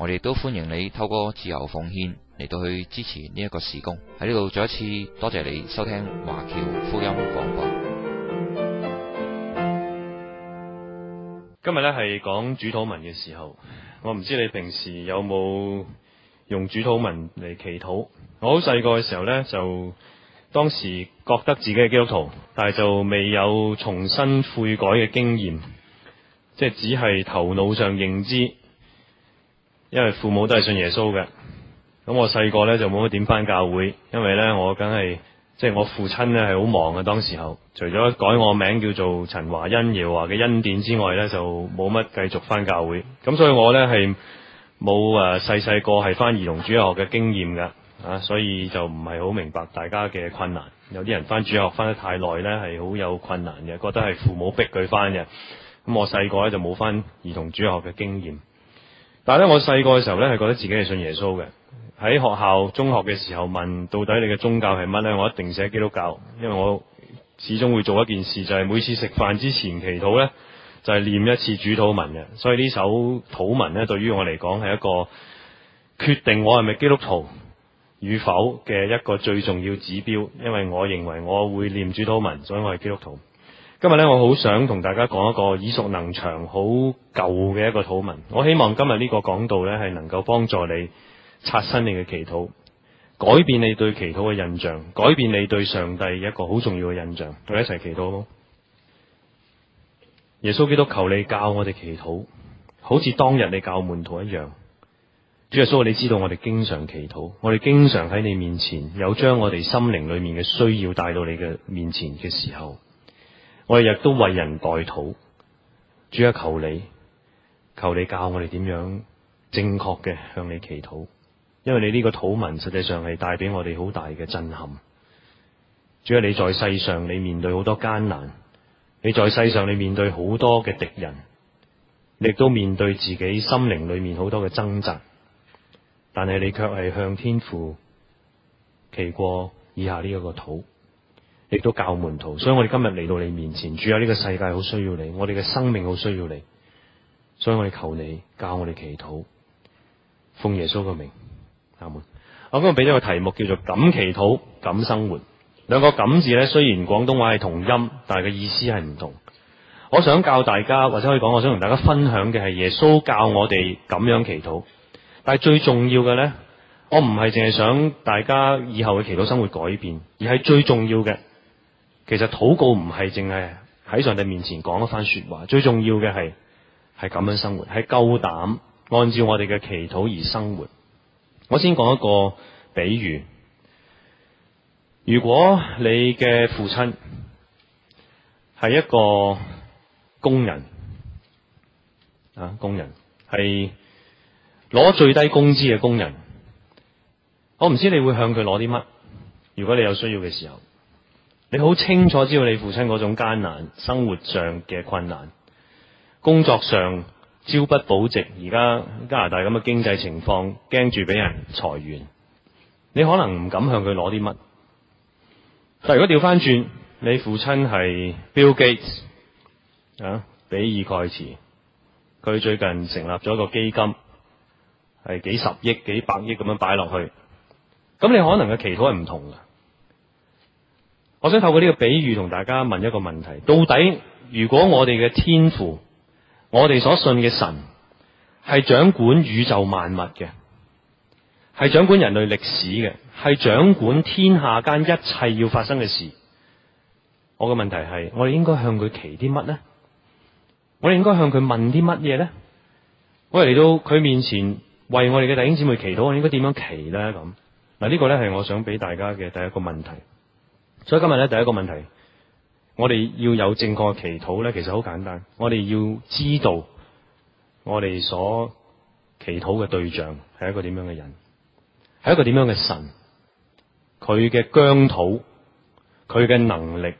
我哋都歡迎你透過自由奉獻嚟到去支持呢一個事工。喺呢度再一次多謝你收聽華僑福音廣播。今日咧係講主禱文嘅時候，我唔知你平時有冇用主禱文嚟祈禱。我好細個嘅時候呢，就當時覺得自己係基督徒，但係就未有重新悔改嘅經驗，即係只係頭腦上認知。因為父母都係信耶穌嘅，咁我細個呢就冇乜點翻教會，因為呢我梗係即係我父親呢係好忙嘅當時候，除咗改我名叫做陳華恩、耶華嘅恩典之外呢，就冇乜繼續翻教會。咁所以我呢係冇誒細細個係翻兒童主日學嘅經驗噶，啊，所以就唔係好明白大家嘅困難。有啲人翻主日學翻得太耐呢，係好有困難嘅，覺得係父母逼佢翻嘅。咁我細個呢就冇翻兒童主日學嘅經驗。但係咧，我細個嘅時候咧，係覺得自己係信耶穌嘅。喺學校中學嘅時候，問到底你嘅宗教係乜呢？我一定寫基督教，因為我始終會做一件事，就係、是、每次食飯之前祈禱呢，就係念一次主禱文嘅。所以呢首禱文呢，對於我嚟講係一個決定我係咪基督徒與否嘅一個最重要指標，因為我認為我會念主禱文，所以我係基督徒。今日咧，我好想同大家講一個耳熟能詳好舊嘅一個禱文。我希望今日呢個講道咧係能夠幫助你刷新你嘅祈禱，改變你對祈禱嘅印象，改變你對上帝一個好重要嘅印象。同你一齊祈禱咯。耶穌基督，求你教我哋祈禱，好似當日你教門徒一樣。主耶穌，你知道我哋經常祈禱，我哋經常喺你面前有將我哋心靈裏面嘅需要帶到你嘅面前嘅時候。我日日都為人代禱，主啊，求你，求你教我哋點樣正確嘅向你祈禱，因為你呢個禱文實際上係帶俾我哋好大嘅震撼。主啊，你在世上你面對好多艱難，你在世上你面對好多嘅敵人，你亦都面對自己心靈裏面好多嘅掙扎，但係你卻係向天父祈過以下呢一個土。亦都教門徒，所以我哋今日嚟到你面前，主啊，呢個世界好需要你，我哋嘅生命好需要你，所以我哋求你教我哋祈禱，奉耶穌嘅名，阿門。我今日俾咗個題目叫做咁祈禱咁生活，兩個咁字呢，雖然廣東話係同音，但係個意思係唔同。我想教大家，或者可以講，我想同大家分享嘅係耶穌教我哋咁樣祈禱，但係最重要嘅呢，我唔係淨係想大家以後嘅祈禱生活改變，而係最重要嘅。其實禱告唔係淨係喺上帝面前講一番說話，最重要嘅係係咁樣生活，係夠膽按照我哋嘅祈禱而生活。我先講一個比喻：如果你嘅父親係一個工人啊，工人係攞最低工資嘅工人，我唔知你會向佢攞啲乜，如果你有需要嘅時候。你好清楚知道你父親嗰種艱難生活上嘅困難，工作上朝不保夕，而家加拿大咁嘅經濟情況，驚住俾人裁員，你可能唔敢向佢攞啲乜。但如果調翻轉，你父親係 Bill Gates，啊，比爾蓋茨，佢最近成立咗個基金，係幾十億幾百億咁樣擺落去，咁你可能嘅祈禱係唔同嘅。我想透過呢個比喻同大家問一個問題：到底如果我哋嘅天父、我哋所信嘅神係掌管宇宙萬物嘅，係掌管人類歷史嘅，係掌管天下間一切要發生嘅事。我嘅問題係：我哋應該向佢祈啲乜呢？我哋應該向佢問啲乜嘢呢？我哋嚟到佢面前為我哋嘅弟兄姊妹祈禱，我應該點樣祈呢？咁，嗱，呢個呢係我想俾大家嘅第一個問題。所以今日咧，第一個問題，我哋要有正確嘅祈禱咧，其實好簡單。我哋要知道我哋所祈禱嘅對象係一個點樣嘅人，係一個點樣嘅神，佢嘅疆土，佢嘅能力，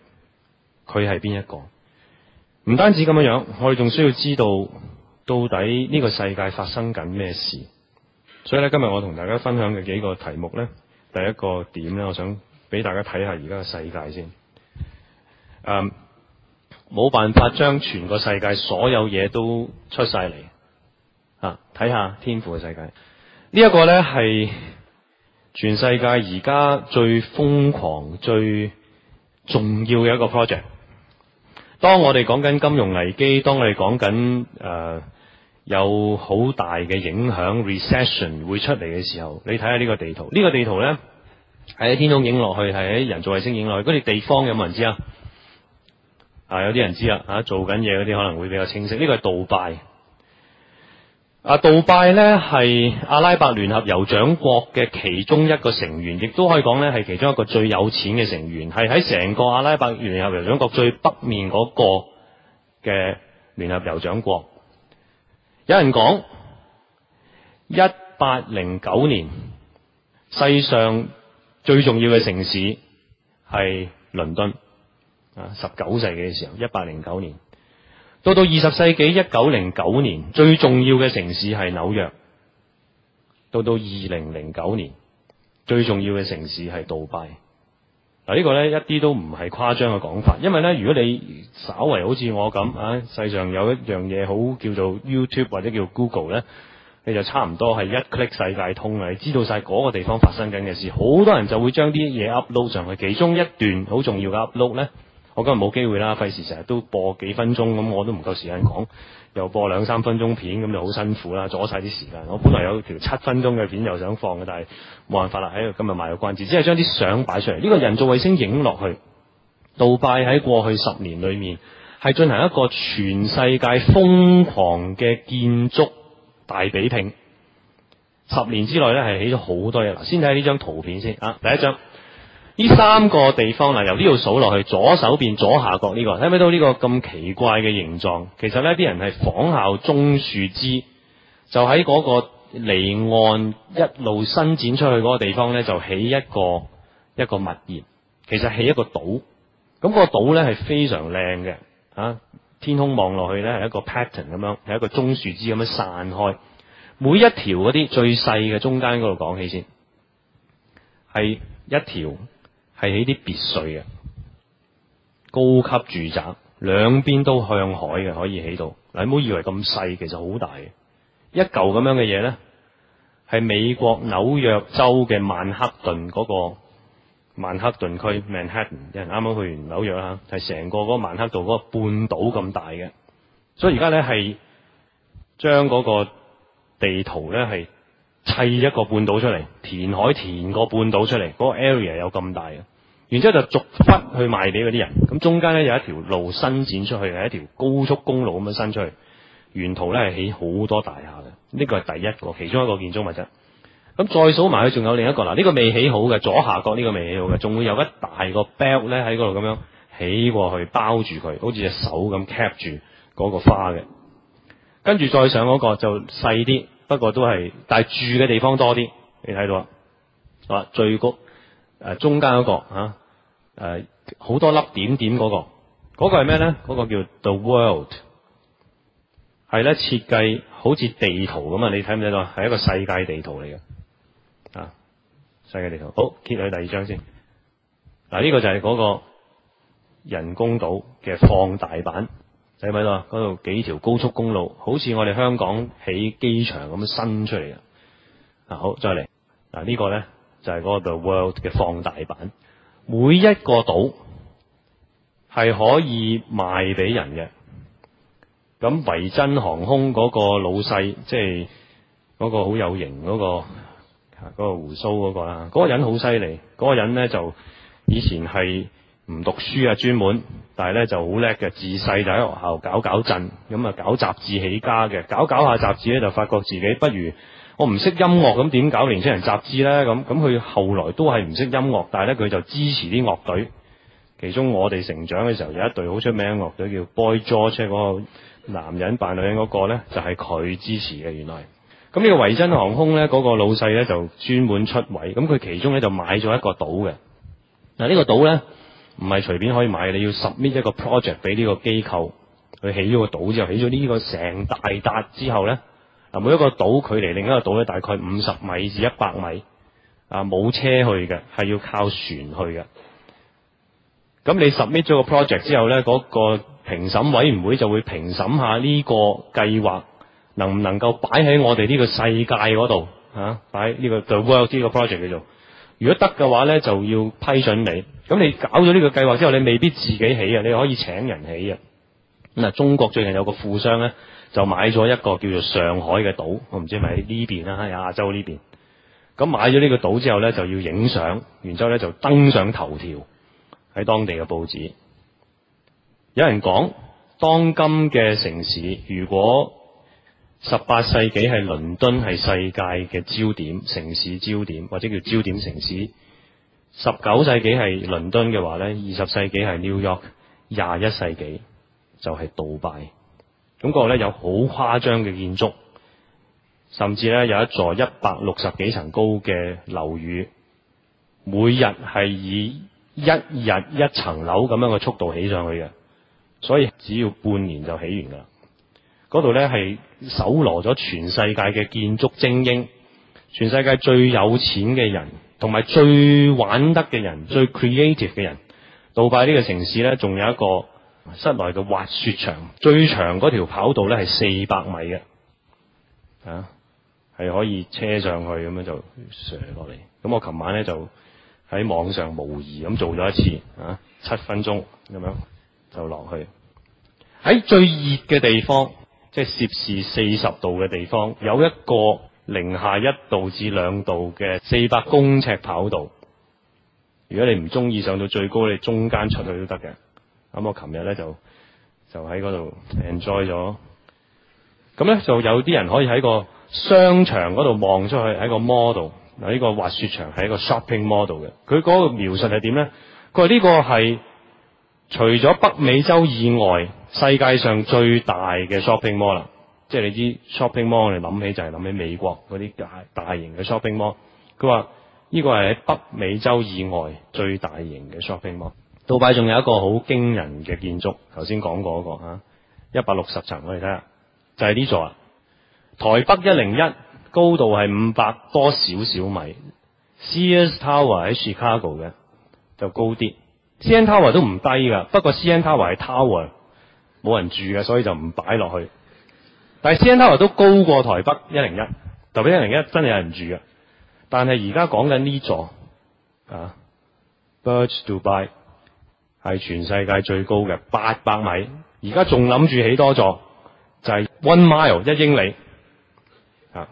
佢係邊一個？唔單止咁樣樣，我哋仲需要知道到底呢個世界發生緊咩事。所以咧，今日我同大家分享嘅幾個題目咧，第一個點咧，我想。俾大家睇下而家嘅世界先，誒、嗯、冇辦法將全個世界所有嘢都出晒嚟啊！睇下天賦嘅世界，呢、這、一個呢係全世界而家最瘋狂、最重要嘅一個 project。當我哋講緊金融危機，當我哋講緊誒有好大嘅影響 recession 會出嚟嘅時候，你睇下呢個地圖，呢、這個地圖呢。喺天空影落去，係喺人造衛星影落去。嗰啲地方有冇人知啊？啊，有啲人知啦。啊，做緊嘢嗰啲可能會比較清晰。呢個係杜拜啊，杜拜呢係阿拉伯聯合酋長國嘅其中一個成員，亦都可以講呢係其中一個最有錢嘅成員，係喺成個阿拉伯聯合酋長國最北面嗰個嘅聯合酋長國。有人講，一八零九年，世上。最重要嘅城市係倫敦啊，十九世紀嘅時候，一八零九年，到到二十世紀一九零九年，最重要嘅城市係紐約，到到二零零九年，最重要嘅城市係杜拜。嗱、這、呢個呢，一啲都唔係誇張嘅講法，因為呢，如果你稍為好似我咁啊，世上有一樣嘢好叫做 YouTube 或者叫 Google 呢。你就差唔多係一 click 世界通啦，你知道晒嗰個地方發生緊嘅事，好多人就會將啲嘢 upload 上去。其中一段好重要嘅 upload 咧，我今日冇機會啦，費事成日都播幾分鐘，咁我都唔夠時間講，又播兩三分鐘片，咁就好辛苦啦，阻晒啲時間，我本來有條七分鐘嘅片又想放嘅，但係冇辦法啦，喺、哎、今日賣咗關子，只係將啲相擺出嚟。呢、這個人造衛星影落去，杜拜喺過去十年裏面係進行一個全世界瘋狂嘅建築大比拼，十年之內咧係起咗好多嘢。先睇下呢張圖片先，啊、第一張，呢三個地方嗱、呃，由呢度數落去，左手邊左下角呢個，睇唔睇到呢個咁奇怪嘅形狀？其實呢啲人係仿效棕樹枝，就喺嗰個離岸一路伸展出去嗰個地方呢，就起一個一個物業。其實起一個島，咁個島呢係非常靚嘅啊！天空望落去咧，係一個 pattern 咁樣係一個棕樹枝咁樣散開，每一條啲最細嘅中間度講起先，係一條係起啲別墅嘅高級住宅，兩邊都向海嘅可以起到。你唔好以為咁細，其實好大嘅。一舊咁樣嘅嘢咧，係美國紐約州嘅曼克頓嗰個。曼克頓區 （Manhattan） 有人啱啱去完紐約啦，係成個嗰曼克道嗰個半島咁大嘅，所以而家呢，係將嗰個地圖呢，係砌一個半島出嚟，填海填個半島出嚟，嗰個 area 有咁大嘅，然之後就逐忽去賣俾嗰啲人。咁中間呢，有一條路伸展出去係一條高速公路咁樣伸出去，沿途呢，係起好多大廈嘅。呢個係第一個，其中一個建築物質。咁再數埋佢，仲有另一個嗱，呢、這個未起好嘅左下角呢個未起好嘅，仲會有一大個 belt 咧喺嗰度咁樣起過去包住佢，好似隻手咁 cap 住嗰個花嘅。跟住再上嗰個就細啲，不過都係，但係住嘅地方多啲。你睇到啦、呃那個，啊最高誒中間嗰個啊誒好多粒點點嗰、那個，嗰、那個係咩咧？嗰、那個叫 The World，係咧設計好似地圖咁啊！你睇唔睇到？係一個世界地圖嚟嘅。世界地圖，好，揭去第二張先。嗱、啊，呢、這個就係嗰個人工島嘅放大版。睇唔睇到啊，嗰度幾條高速公路，好似我哋香港起機場咁伸出嚟啊。啊，好，再嚟。嗱、啊，呢、這個呢就係、是、嗰個 The World 嘅放大版。每一個島係可以賣俾人嘅。咁維珍航空嗰個老細，即係嗰個好有型嗰、那個。嗰個鬍鬚嗰個啦，嗰個人好犀利。個人咧、那個、就以前係唔讀書啊，專門，但係咧就好叻嘅。自細就喺學校搞搞震，咁啊搞雜誌起家嘅，搞搞下雜誌咧就發覺自己不如我唔識音樂咁點搞年輕人雜誌咧？咁咁佢後來都係唔識音樂，但係咧佢就支持啲樂隊，其中我哋成長嘅時候有一隊好出名樂隊叫 Boy George，嗰個男人扮女人個個咧就係、是、佢支持嘅，原來。咁呢個維珍航空呢，嗰個老細呢，就專門出位。咁佢其中呢，就買咗一個島嘅。嗱呢個島呢，唔係隨便可以買，你要 submit 一個 project 俾呢個機構，佢起咗個島之後，起咗呢個成大笪之後呢，嗱每一個島距離另一個島呢，大概五十米至一百米。啊，冇車去嘅，係要靠船去嘅。咁你 submit 咗個 project 之後呢，嗰個評審委員會就會評審下呢個計劃。能唔能夠擺喺我哋呢個世界嗰度嚇？擺、啊、呢、呢個 The World 呢個 project 叫做，如果得嘅話呢，就要批准你。咁你搞咗呢個計劃之後，你未必自己起啊，你可以請人起啊。嗱、嗯，中國最近有個富商呢，就買咗一個叫做上海嘅島，我唔知係咪喺呢邊啦，喺亞洲呢邊。咁買咗呢個島之後呢，就要影相，然之後呢就登上頭條喺當地嘅報紙。有人講，當今嘅城市如果十八世紀係倫敦係世界嘅焦點，城市焦點或者叫焦點城市。十九世紀係倫敦嘅話呢，二十世紀係紐約廿一世紀就係杜拜。咁嗰度呢，有好誇張嘅建築，甚至呢有一座一百六十幾層高嘅樓宇，每日係以一日一層樓咁樣嘅速度起上去嘅，所以只要半年就起完噶啦嗰度咧係搜羅咗全世界嘅建築精英、全世界最有錢嘅人、同埋最玩得嘅人、最 creative 嘅人。杜拜呢個城市咧，仲有一個室內嘅滑雪場，最長條跑道咧係四百米嘅啊，係可以車上去咁樣就錘落嚟。咁我琴晚咧就喺網上模擬咁做咗一次啊，七分鐘咁樣就落去喺最熱嘅地方。即係攝氏四十度嘅地方，有一個零下一度至兩度嘅四百公尺跑道。如果你唔中意上到最高，你中間出去都得嘅。咁、嗯、我琴日咧就就喺嗰度 enjoy 咗。咁、嗯、咧就有啲人可以喺個商場嗰度望出去喺個 model 嗱，呢個滑雪場係一個 shopping model 嘅。佢嗰個描述係點咧？佢話呢個係除咗北美洲以外。世界上最大嘅 shopping mall 啦，即係你知 shopping mall 我哋諗起就係諗起美國嗰啲大大型嘅 shopping mall。佢話呢個係喺北美洲以外最大型嘅 shopping mall。杜拜仲有一個好驚人嘅建築，頭先講過嗰個吓一百六十層，我哋睇下就係、是、呢座啊。台北一零一高度係五百多少少米，Sears Tower 喺 Chicago 嘅就高啲，CN Tower 都唔低㗎，不過 CN Tower 係 tower。冇人住嘅，所以就唔擺落去。但係 CN Tower 都高過台北一零一，101，特別一零一真係有人住嘅。但係而家講緊呢座啊 Burj Dubai 係全世界最高嘅八百米。而家仲諗住起多座，就係、是、One Mile 一英里啊，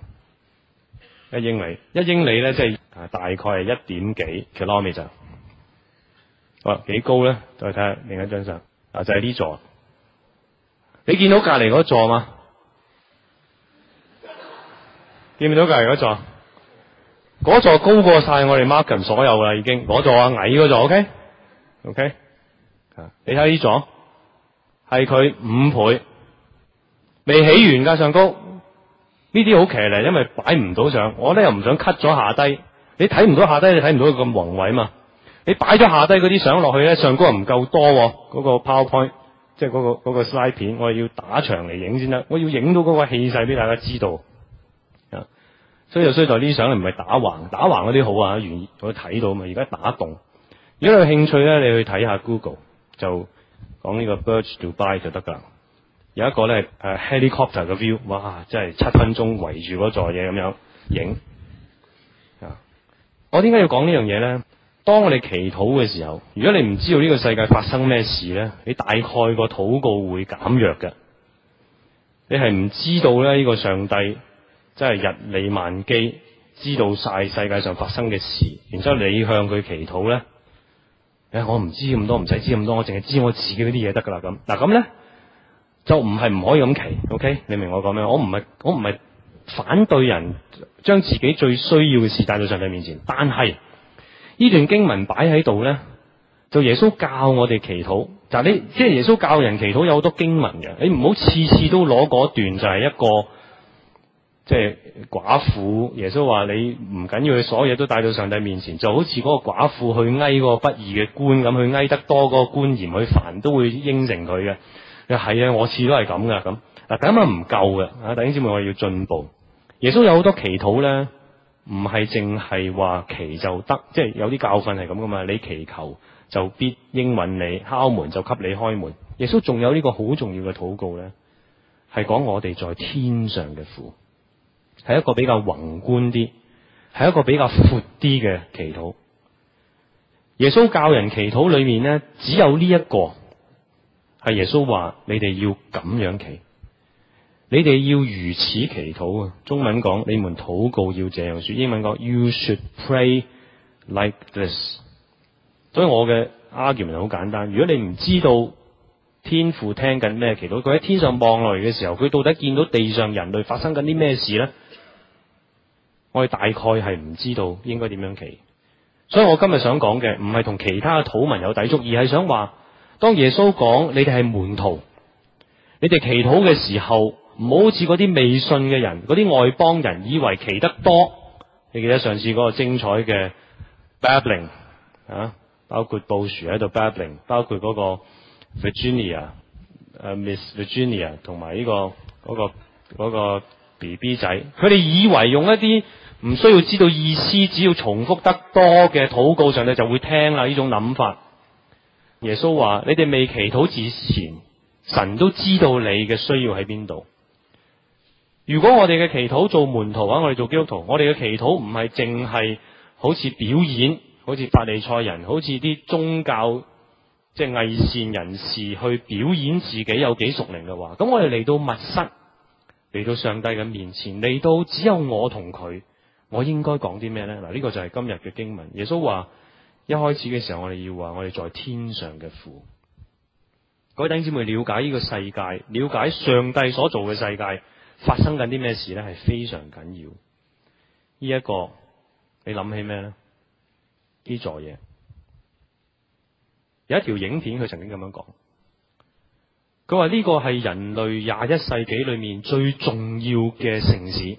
一英里一英里咧，即、就、係、是、大概係一點幾 kilometre。好，幾高咧？再睇下另一張相啊，就係、是、呢座。你見到隔離嗰座嘛？見唔到隔離嗰座？嗰座高過晒我哋 Markham 所有啦，已經嗰座矮嗰座，OK？OK？你睇呢座，係佢、OK? OK？五倍，未起完㗎上高。呢啲好騎呢，因為擺唔到上。我咧又唔想 cut 咗下低。你睇唔到下低，你睇唔到佢咁宏偉嘛？你擺咗下低嗰啲相落去咧，上高又唔夠多嗰、嗰個 PowerPoint。即係嗰、嗰個嗰、嗰個 slide 片，我又要打長嚟影先得，我要影到嗰個氣勢俾大家知道啊、嗯！所以就衰在啲相，唔係打橫，打橫嗰啲好啊，原我睇到嘛。而家打動，如果你有興趣咧，你去睇下 Google 就講呢個 Burj Dubai 就得㗎。有一個咧係 helicopter 嘅 view，哇！真係七分鐘圍住嗰座嘢咁樣影啊、嗯！我點解要講呢樣嘢咧？當我哋祈禱嘅時候，如果你唔知道呢個世界發生咩事咧，你大概個禱告會減弱嘅。你係唔知道呢個上帝真係日理萬機，知道晒世界上發生嘅事，然之後你向佢祈禱呢？誒、哎，我唔知咁多，唔使知咁多，我淨係知我自己嗰啲嘢得噶啦咁。嗱咁、啊、呢，就唔係唔可以咁祈，OK？你明我講咩？我唔係我唔係反對人將自己最需要嘅事帶到上帝面前，但係。呢段經文擺喺度呢，就耶穌教我哋祈禱。嗱，你即係耶穌教人祈禱有好多經文嘅，你唔好次次都攞嗰段就係一個即係寡婦，耶穌話你唔緊要，佢所有嘢都帶到上帝面前，就好似嗰個寡婦去哀個不義嘅官咁，去哀得多嗰個官嫌佢煩都會應承佢嘅。又係啊，我次次都係咁噶咁。嗱，第一唔夠嘅，啊弟兄姊妹，我要進步。耶穌有好多祈禱呢，唔係淨係話祈就得，即係有啲教訓係咁噶嘛。你祈求就必應允你，敲門就給你開門。耶穌仲有呢個好重要嘅禱告咧，係講我哋在天上嘅父，係一個比較宏觀啲，係一個比較闊啲嘅祈禱。耶穌教人祈禱裏面咧，只有呢一個，係耶穌話你哋要咁樣祈。你哋要如此祈禱啊！中文講，你們禱告要這樣說。英文講 You should pray like this。所以我嘅 argument 好簡單，如果你唔知道天父聽緊咩祈禱，佢喺天上望落嚟嘅時候，佢到底見到地上人類發生緊啲咩事咧？我哋大概係唔知道應該點樣祈。所以我今日想講嘅唔係同其他嘅土民有抵觸，而係想話當耶穌講你哋係門徒，你哋祈禱嘅時候。唔好似啲未信嘅人，啲外邦人以為祈得多，你記得上次個精彩嘅 babbling 啊，包括布殊喺度 babbling，包括個 Virginia，誒、uh, Miss Virginia 同埋呢個、嗰個、嗰個 B B 仔，佢哋以為用一啲唔需要知道意思，只要重複得多嘅禱告上咧就會聽啦呢種諗法。耶穌話：你哋未祈禱之前，神都知道你嘅需要喺邊度。如果我哋嘅祈禱做門徒啊，我哋做基督徒，我哋嘅祈禱唔係淨係好似表演，好似法利賽人，好似啲宗教即係偽善人士去表演自己有幾屬靈嘅話，咁我哋嚟到密室，嚟到上帝嘅面前，嚟到只有我同佢，我應該講啲咩咧？嗱，呢個就係今日嘅經文。耶穌話：一開始嘅時候，我哋要話我哋在天上嘅父。各位弟兄姊妹，了解呢個世界，了解上帝所做嘅世界。發生緊啲咩事呢？係非常緊要，這個。呢一個你諗起咩呢？基座嘢有一條影片，佢曾經咁樣講。佢話呢個係人類廿一世紀裏面最重要嘅城市，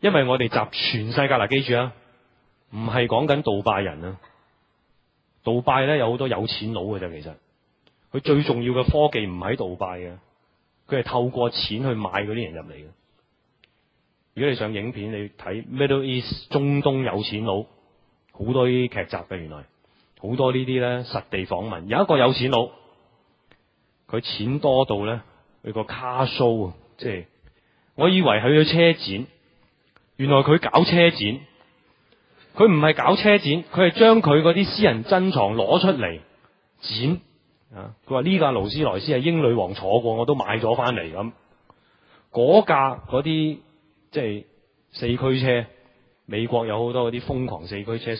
因為我哋集全世界，嗱記住啊，唔係講緊杜拜人啊。杜拜呢有好多有錢佬嘅啫，其實佢最重要嘅科技唔喺杜拜嘅。佢係透過錢去買嗰啲人入嚟嘅。如果你上影片，你睇 Middle East 中東有錢佬，好多啲劇集嘅原來，好多呢啲呢，實地訪問。有一個有錢佬，佢錢多到呢，佢個卡數啊，即係我以為佢去咗車展，原來佢搞車展，佢唔係搞車展，佢係將佢嗰啲私人珍藏攞出嚟展。啊！佢話呢架勞斯萊斯係英女王坐過，我都買咗翻嚟咁。架啲即係四驅車，美國有好多啲瘋狂四驅車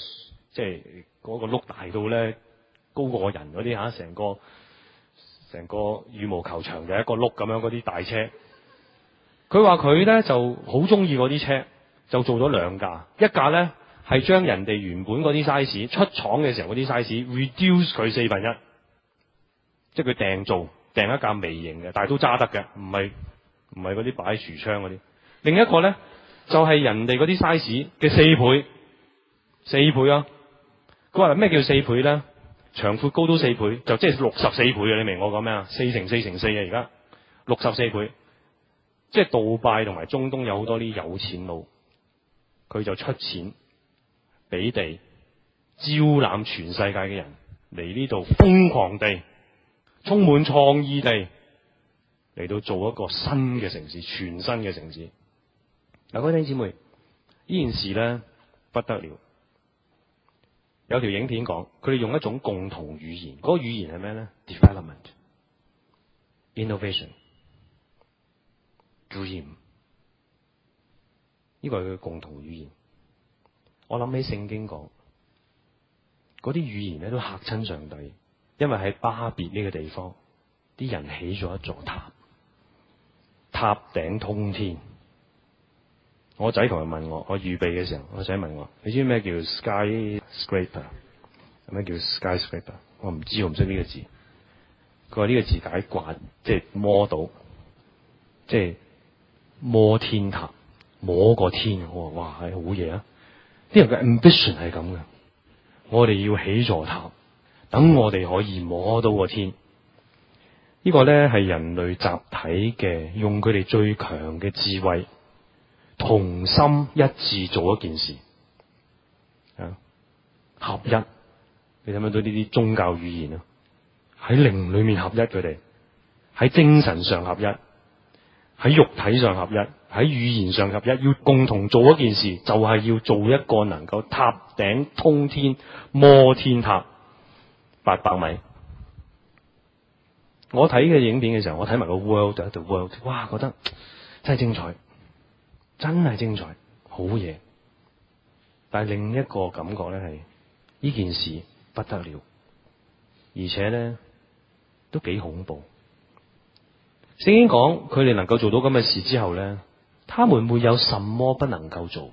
即係、嗰個轆大到咧，高過人啲吓，成個成個羽毛球場就一個轆咁樣啲大車，佢話佢咧就好中意啲車，就做咗兩架，一架咧係將人哋原本啲 size 出廠嘅時候啲 size reduce 佢四分一。即係佢訂做訂一架微型嘅，但係都揸得嘅，唔係唔係嗰啲擺喺櫥窗嗰啲。另一個呢，就係、是、人哋嗰啲 size 嘅四倍，四倍啊！佢話咩叫四倍呢？長、闊、高都四倍，就即係六十四倍啊。你明我講咩啊？四乘四乘四啊！而家六十四倍，即係杜拜同埋中東有好多啲有錢佬，佢就出錢俾地，招攬全世界嘅人嚟呢度瘋狂地充滿創意地嚟到做一個新嘅城市，全新嘅城市。嗱，各位弟兄姊妹，呢件事咧不得了。有條影片講，佢哋用一種共同語言，嗰個語言係咩咧？development、innovation、dream，呢個係佢嘅共同語言。我諗起聖經講，嗰啲語言咧都吓親上帝。因為喺巴別呢個地方，啲人起咗一座塔，塔頂通天。我仔同佢問我，我預備嘅時候，我仔問我：你知咩叫 sky scraper？咩叫 sky scraper？我唔知，我唔識呢個字。佢話呢個字解掛，即係摸到，即係摸天塔，摸個天。我話：哇，係好嘢啊！啲人嘅 ambition 係咁嘅，我哋要起座塔。等我哋可以摸到個天，這個、呢個咧係人類集體嘅用佢哋最強嘅智慧，同心一致做一件事啊！合一，你睇唔睇到呢啲宗教語言啊？喺靈裏面合一佢哋，喺精神上合一，喺肉體上合一，喺語言上合一，要共同做一件事，就係、是、要做一個能夠塔頂通天摩天塔。八百米，我睇嘅影片嘅時候，我睇埋個 world 就喺度，world 哇，覺得真係精彩，真係精彩，好嘢。但係另一個感覺咧係，呢件事不得了，而且咧都幾恐怖。聖經講，佢哋能夠做到咁嘅事之後咧，他們會有什麼不能夠做？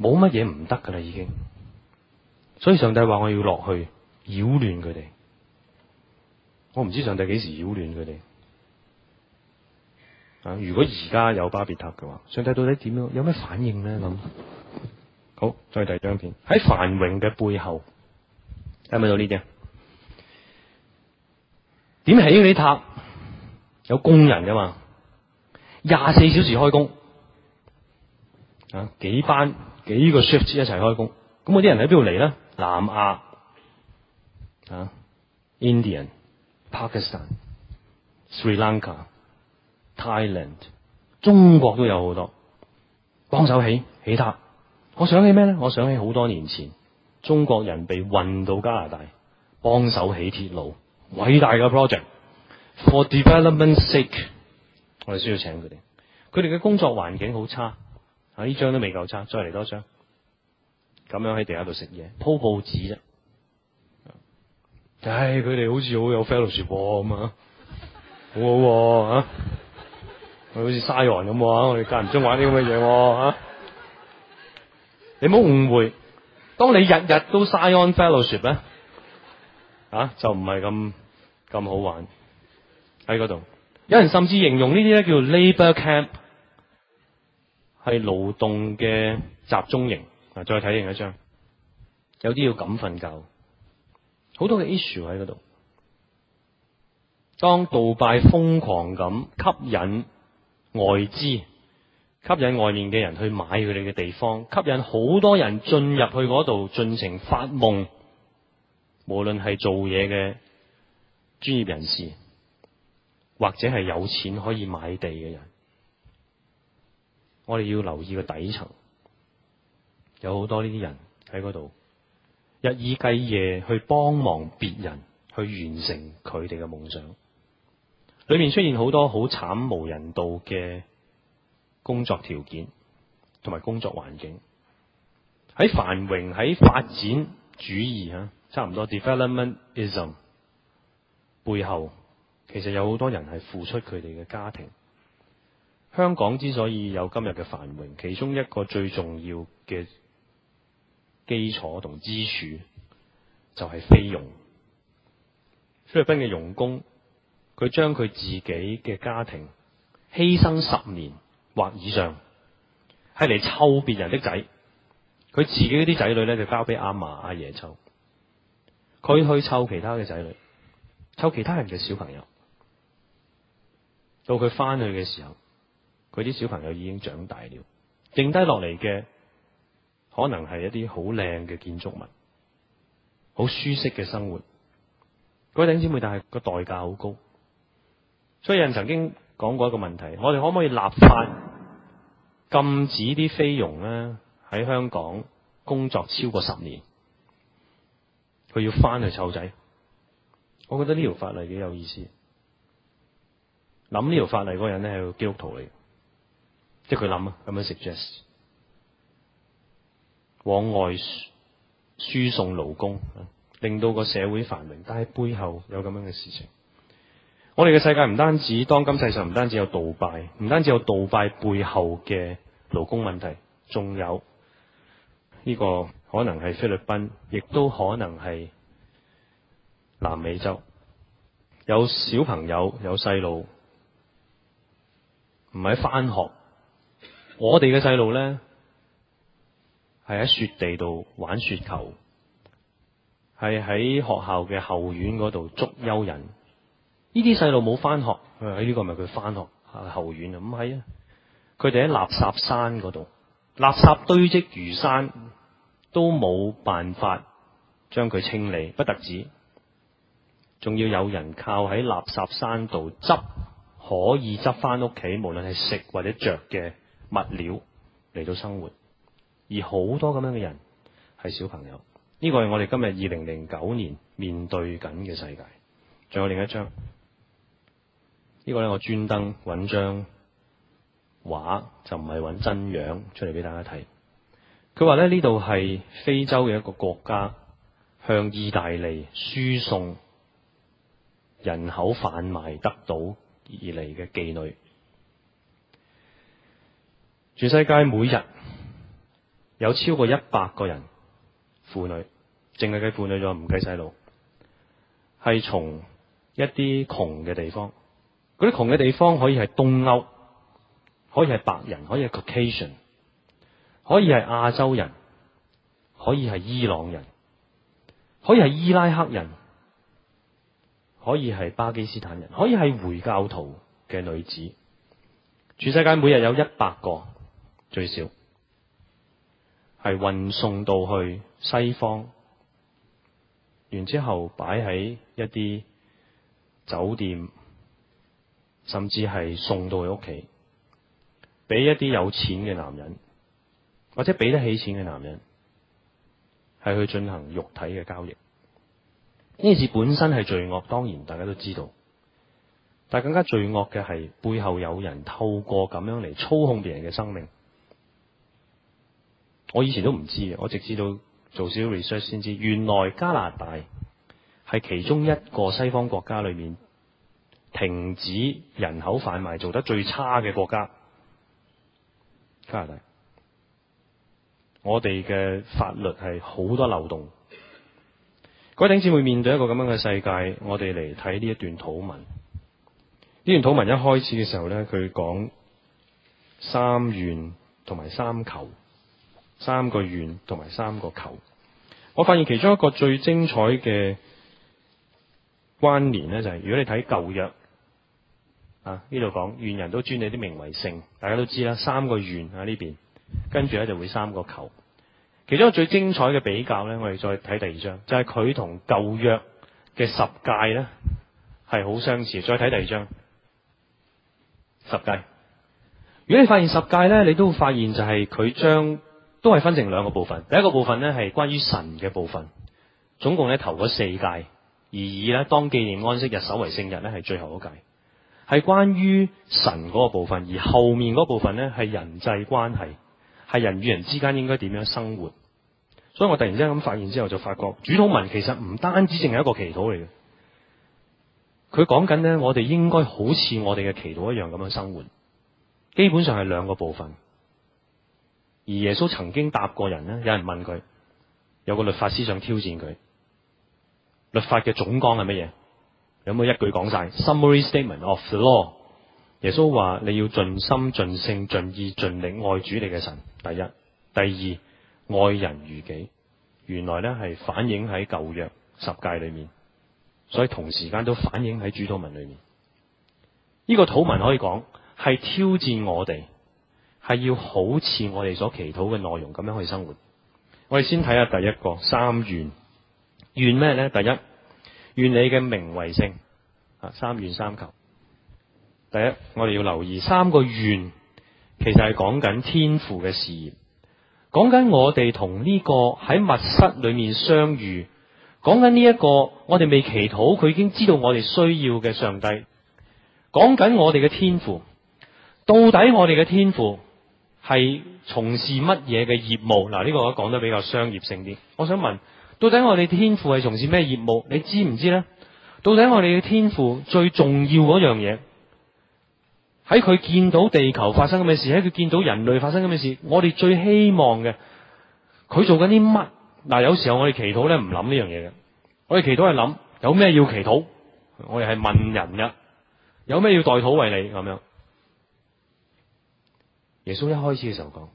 冇乜嘢唔得㗎喇，已經。所以，上帝話我要落去。擾亂佢哋，我唔知上帝幾時擾亂佢哋。啊，如果而家有巴別塔嘅話，上帝到底點樣，有咩反應咧？咁、嗯、好，再第二張片，喺、嗯、繁榮嘅背後，睇唔睇到呢啲？點起嗰塔？有工人噶嘛？廿四小時開工，啊，幾班幾個 shift 一齊開工，咁嗰啲人喺邊度嚟咧？南亞。吓，Indian、Pakistan、Sri Lanka、Thailand、中國都有好多幫手起起塔。我想起咩咧？我想起好多年前中國人被運到加拿大幫手起鐵路，偉大嘅 project for development sake。我哋需要請佢哋，佢哋嘅工作環境好差。啊，呢張都未夠差，再嚟多張。咁樣喺地下度食嘢，鋪報紙啫。唉，佢哋、哎、好似好有 fellowship 咁啊，啊，好好啊，佢好似 Zion 咁啊，我哋間唔中玩啲咁嘅嘢啊。你唔好誤會，當你日日都 Zion fellowship 呢、啊，啊就唔係咁咁好玩喺嗰度。有人甚至形容呢啲咧叫 labor camp，係勞動嘅集中營。嗱，再睇另一張，有啲要咁瞓覺。好多嘅 issue 喺嗰度。當杜拜瘋狂咁吸引外資，吸引外面嘅人去買佢哋嘅地方，吸引好多人進入去嗰度盡情發夢。無論係做嘢嘅專業人士，或者係有錢可以買地嘅人，我哋要留意個底層，有好多呢啲人喺嗰度。日以繼夜去幫忙別人，去完成佢哋嘅夢想。裏面出現好多好慘無人道嘅工作條件，同埋工作環境。喺繁榮喺發展主義啊，差唔多 developmentism 背後，其實有好多人係付出佢哋嘅家庭。香港之所以有今日嘅繁榮，其中一個最重要嘅。基礎同支柱就係菲傭。菲律賓嘅傭工，佢將佢自己嘅家庭犧牲十年或以上，係嚟湊別人的仔。佢自己啲仔女咧就交俾阿嫲阿爺湊。佢去湊其他嘅仔女，湊其他人嘅小朋友。到佢翻去嘅時候，佢啲小朋友已經長大了，剩低落嚟嘅。可能係一啲好靚嘅建築物，好舒適嘅生活。各位弟兄姊妹，但係個代價好高。所以有人曾經講過一個問題：我哋可唔可以立法禁止啲菲傭咧喺香港工作超過十年，佢要翻去湊仔？我覺得呢條法例幾有意思。諗呢條法例嗰個人咧係個基督徒嚟，即係佢諗啊咁樣 suggest。往外輸送勞工，令到個社會繁榮，但係背後有咁樣嘅事情。我哋嘅世界唔單止當今世上唔單止有杜拜，唔單止有杜拜背後嘅勞工問題，仲有呢個可能係菲律賓，亦都可能係南美洲，有小朋友有細路唔喺返學，我哋嘅細路呢。係喺雪地度玩雪球，係喺學校嘅後院嗰度捉伊人。呢啲細路冇翻學，呢、啊呢個咪佢翻學後院啊？唔係啊，佢哋喺垃圾山嗰度，垃圾堆積如山，都冇辦法將佢清理，不得止，仲要有人靠喺垃圾山度執，可以執翻屋企，無論係食或者着嘅物料嚟到生活。而好多咁樣嘅人係小朋友，呢個係我哋今日二零零九年面對緊嘅世界。仲有另一張，呢、呢個呢，我專登揾張畫，就唔係揾真樣出嚟俾大家睇。佢話呢，呢度係非洲嘅一個國家向意大利輸送人口販賣得到而嚟嘅妓女。全世界每日有超過一百個人婦女，淨係計婦女咗，唔計細路，係從一啲窮嘅地方，嗰啲窮嘅地方可以係東歐，可以係白人，可以係 Caucasian，可以係亞洲人，可以係伊朗人，可以係伊拉克人，可以係巴基斯坦人，可以係回教徒嘅女子，全世界每日有一百個最少。係運送到去西方，然之後擺喺一啲酒店，甚至係送到佢屋企，俾一啲有錢嘅男人，或者俾得起錢嘅男人，係去進行肉體嘅交易。呢件事本身係罪惡，當然大家都知道。但更加罪惡嘅係，背後有人透過咁樣嚟操控別人嘅生命。我以前都唔知嘅，我直至到做少少 research 先知，原來加拿大係其中一個西方國家裏面停止人口販賣做得最差嘅國家。加拿大，我哋嘅法律係好多漏洞，所以點先會面對一個咁樣嘅世界？我哋嚟睇呢一段禱文，呢段禱文一開始嘅時候咧，佢講三願同埋三求。三個願同埋三個求，我發現其中一個最精彩嘅關聯呢，就係如果你睇舊約啊，呢度講，願人都尊你啲名為聖，大家都知啦，三個願喺呢邊，跟住呢就會三個求。其中一個最精彩嘅比較呢，我哋再睇第二張，就係佢同舊約嘅十誡呢係好相似。再睇第二張，十誡。如果你發現十誡呢，你都會發現就係佢將。都係分成兩個部分，第一個部分呢，係關於神嘅部分，總共咧頭嗰四屆，而以咧當紀念安息日、守為聖日咧係最後一屆，係關於神嗰個部分，而後面嗰部分呢，係人際關係，係人與人之間應該點樣生活。所以我突然之間咁發現之後，就發覺主禱文其實唔單止淨係一個祈禱嚟嘅，佢講緊呢，我哋應該好似我哋嘅祈禱一樣咁樣生活，基本上係兩個部分。而耶穌曾經答過人咧，有人問佢，有個律法師想挑戰佢，律法嘅總綱係乜嘢？有冇一句講晒？Summary statement of the law。耶穌話：你要盡心、盡性、盡意、盡力愛主你嘅神。第一，第二，愛人如己。原來呢係反映喺舊約十誡裏面，所以同時間都反映喺主禱文裏面。呢、這個禱文可以講係挑戰我哋。係要好似我哋所祈禱嘅內容咁樣去生活。我哋先睇下第一個三願，願咩呢？第一願你嘅名為聖。啊，三願三求。第一，我哋要留意三個願，其實係講緊天父嘅事業。講緊我哋同呢個喺密室裏面相遇，講緊呢一個我哋未祈禱，佢已經知道我哋需要嘅上帝。講緊我哋嘅天父，到底我哋嘅天父，係從事乜嘢嘅業務？嗱，呢個我講得比較商業性啲。我想問，到底我哋天父係從事咩業務？你知唔知呢？到底我哋嘅天父最重要嗰樣嘢，喺佢見到地球發生咁嘅事，喺佢見到人類發生咁嘅事，我哋最希望嘅，佢做緊啲乜？嗱、嗯，有時候我哋祈禱咧唔諗呢樣嘢嘅，我哋祈禱係諗有咩要祈禱，我哋係問人噶，有咩要代禱為你咁樣。耶穌一開始嘅時候講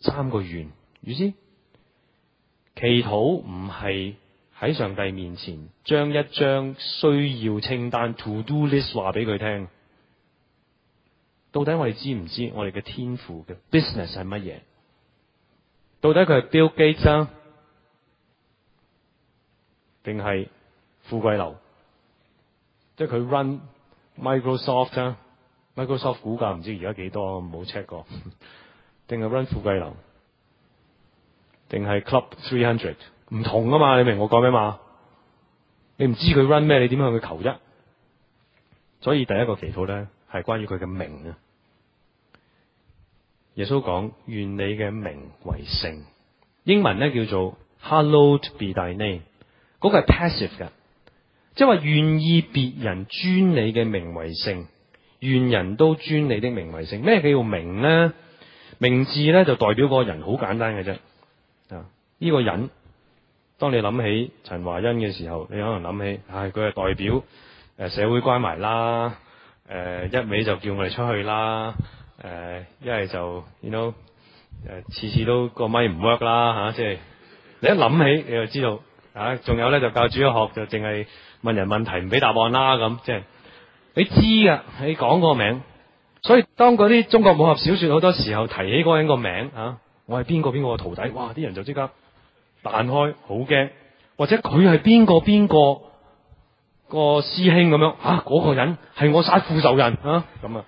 三個願，如先：「祈禱唔係喺上帝面前將一張需要清單 to do list 話俾佢聽。到底我哋知唔知我哋嘅天父嘅 business 係乜嘢？到底佢係 Bill Gates 啊？定係富貴樓，即係佢 run Microsoft 啊？」Microsoft 股價唔知而家幾多，冇 check 過，定係 Run 富貴樓，定係 Club Three Hundred，唔同啊嘛！你明我講咩嘛？你唔知佢 run 咩，你點向佢求一？所以第一個祈禱咧，係關於佢嘅名啊！耶穌講願你嘅名為聖，英文咧叫做 Hallowed be thy name，嗰、那個係 passive 嘅，即係話願意別人尊你嘅名為聖。願人都尊你的名為聖，咩叫名呢？名字呢就代表個人，好簡單嘅啫。啊，呢、這個人，當你諗起陳華恩嘅時候，你可能諗起，唉、哎，佢係代表誒、呃、社會關懷啦，誒、呃、一味就叫我哋出去啦，誒一係就，你知道，誒次次都個咪唔 work 啦吓，即、啊、係、就是、你一諗起，你就知道，啊，仲有呢，就教主學就淨係問人問題唔俾答案啦咁，即係。就是你知噶，你講嗰個名，所以當嗰啲中國武俠小說好多時候提起嗰個人個名啊，我係邊個邊個嘅徒弟，哇！啲人就即刻彈開，好驚。或者佢係邊個邊個個師兄咁樣，吓嗰個人係我殺父仇人啊咁樣啊。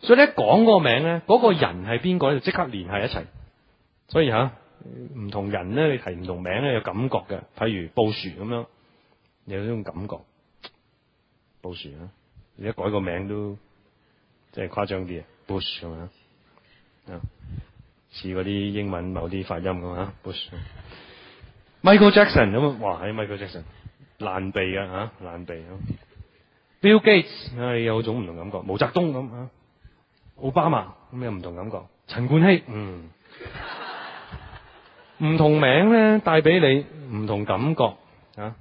所以一講嗰個名呢，嗰個人係邊個就即刻連繫一齊。所以吓、啊、唔同人呢，你提唔同名呢，有感覺嘅。譬如布殊咁樣，有呢種感覺。布殊啊。而家改個名都即係誇張啲啊！Bush 啊、嗯，似嗰啲英文某啲發音咁啊、嗯、！Bush，Michael Jackson 咁、嗯、啊！哇、哎，Michael Jackson，爛鼻啊嚇，爛鼻啊！Bill Gates，係、哎、有種唔同感覺。毛澤東咁啊、嗯，奧巴馬咁有唔同感覺。陳冠希，嗯，唔 同名咧帶俾你唔同感覺啊、嗯！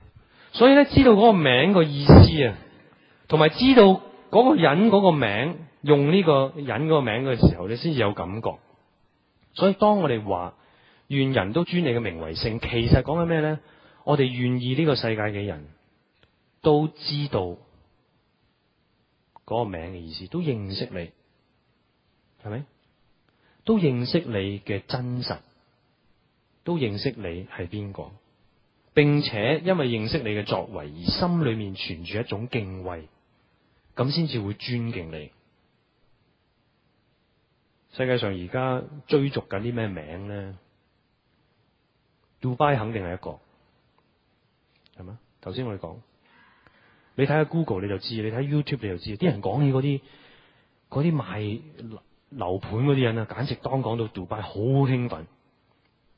所以咧，知道嗰個名個意思啊！同埋知道嗰個人嗰個名，用呢個人個名嘅時候，你先至有感覺。所以當我哋話願人都尊你嘅名為聖，其實講緊咩咧？我哋願意呢個世界嘅人都知道嗰個名嘅意思，都認識你，係咪？都認識你嘅真實，都認識你係邊個，並且因為認識你嘅作為，而心裏面存住一種敬畏。咁先至會尊敬你。世界上而家追逐緊啲咩名咧？杜拜肯定係一個，係嘛？頭先我哋講，你睇下 Google 你就知，你睇 YouTube 你就知，啲人講起嗰啲啲賣樓盤嗰啲人啊，簡直當講到杜拜好興奮，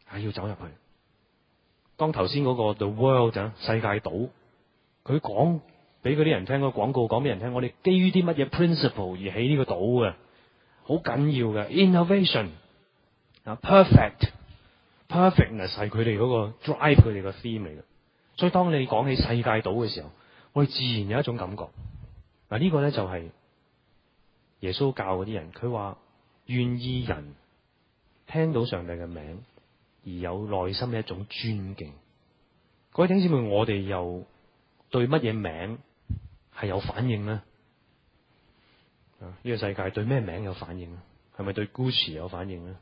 係要走入去。當頭先嗰個 The World 世界島，佢講。俾嗰啲人聽嗰個廣告，講俾人聽我，我哋基於啲乜嘢 principle 而起呢個島嘅，好緊要嘅 innovation，嗱 perfect perfectness 係佢哋嗰個 drive 佢哋個 theme 嚟嘅，所以當你講起世界島嘅時候，我哋自然有一種感覺，嗱，呢個呢就係耶穌教嗰啲人，佢話願意人聽到上帝嘅名而有內心嘅一種尊敬，各位弟兄姊妹，我哋又對乜嘢名？係有反應咧，啊！呢個世界對咩名有反應咧？係咪對 Gucci 有反應咧？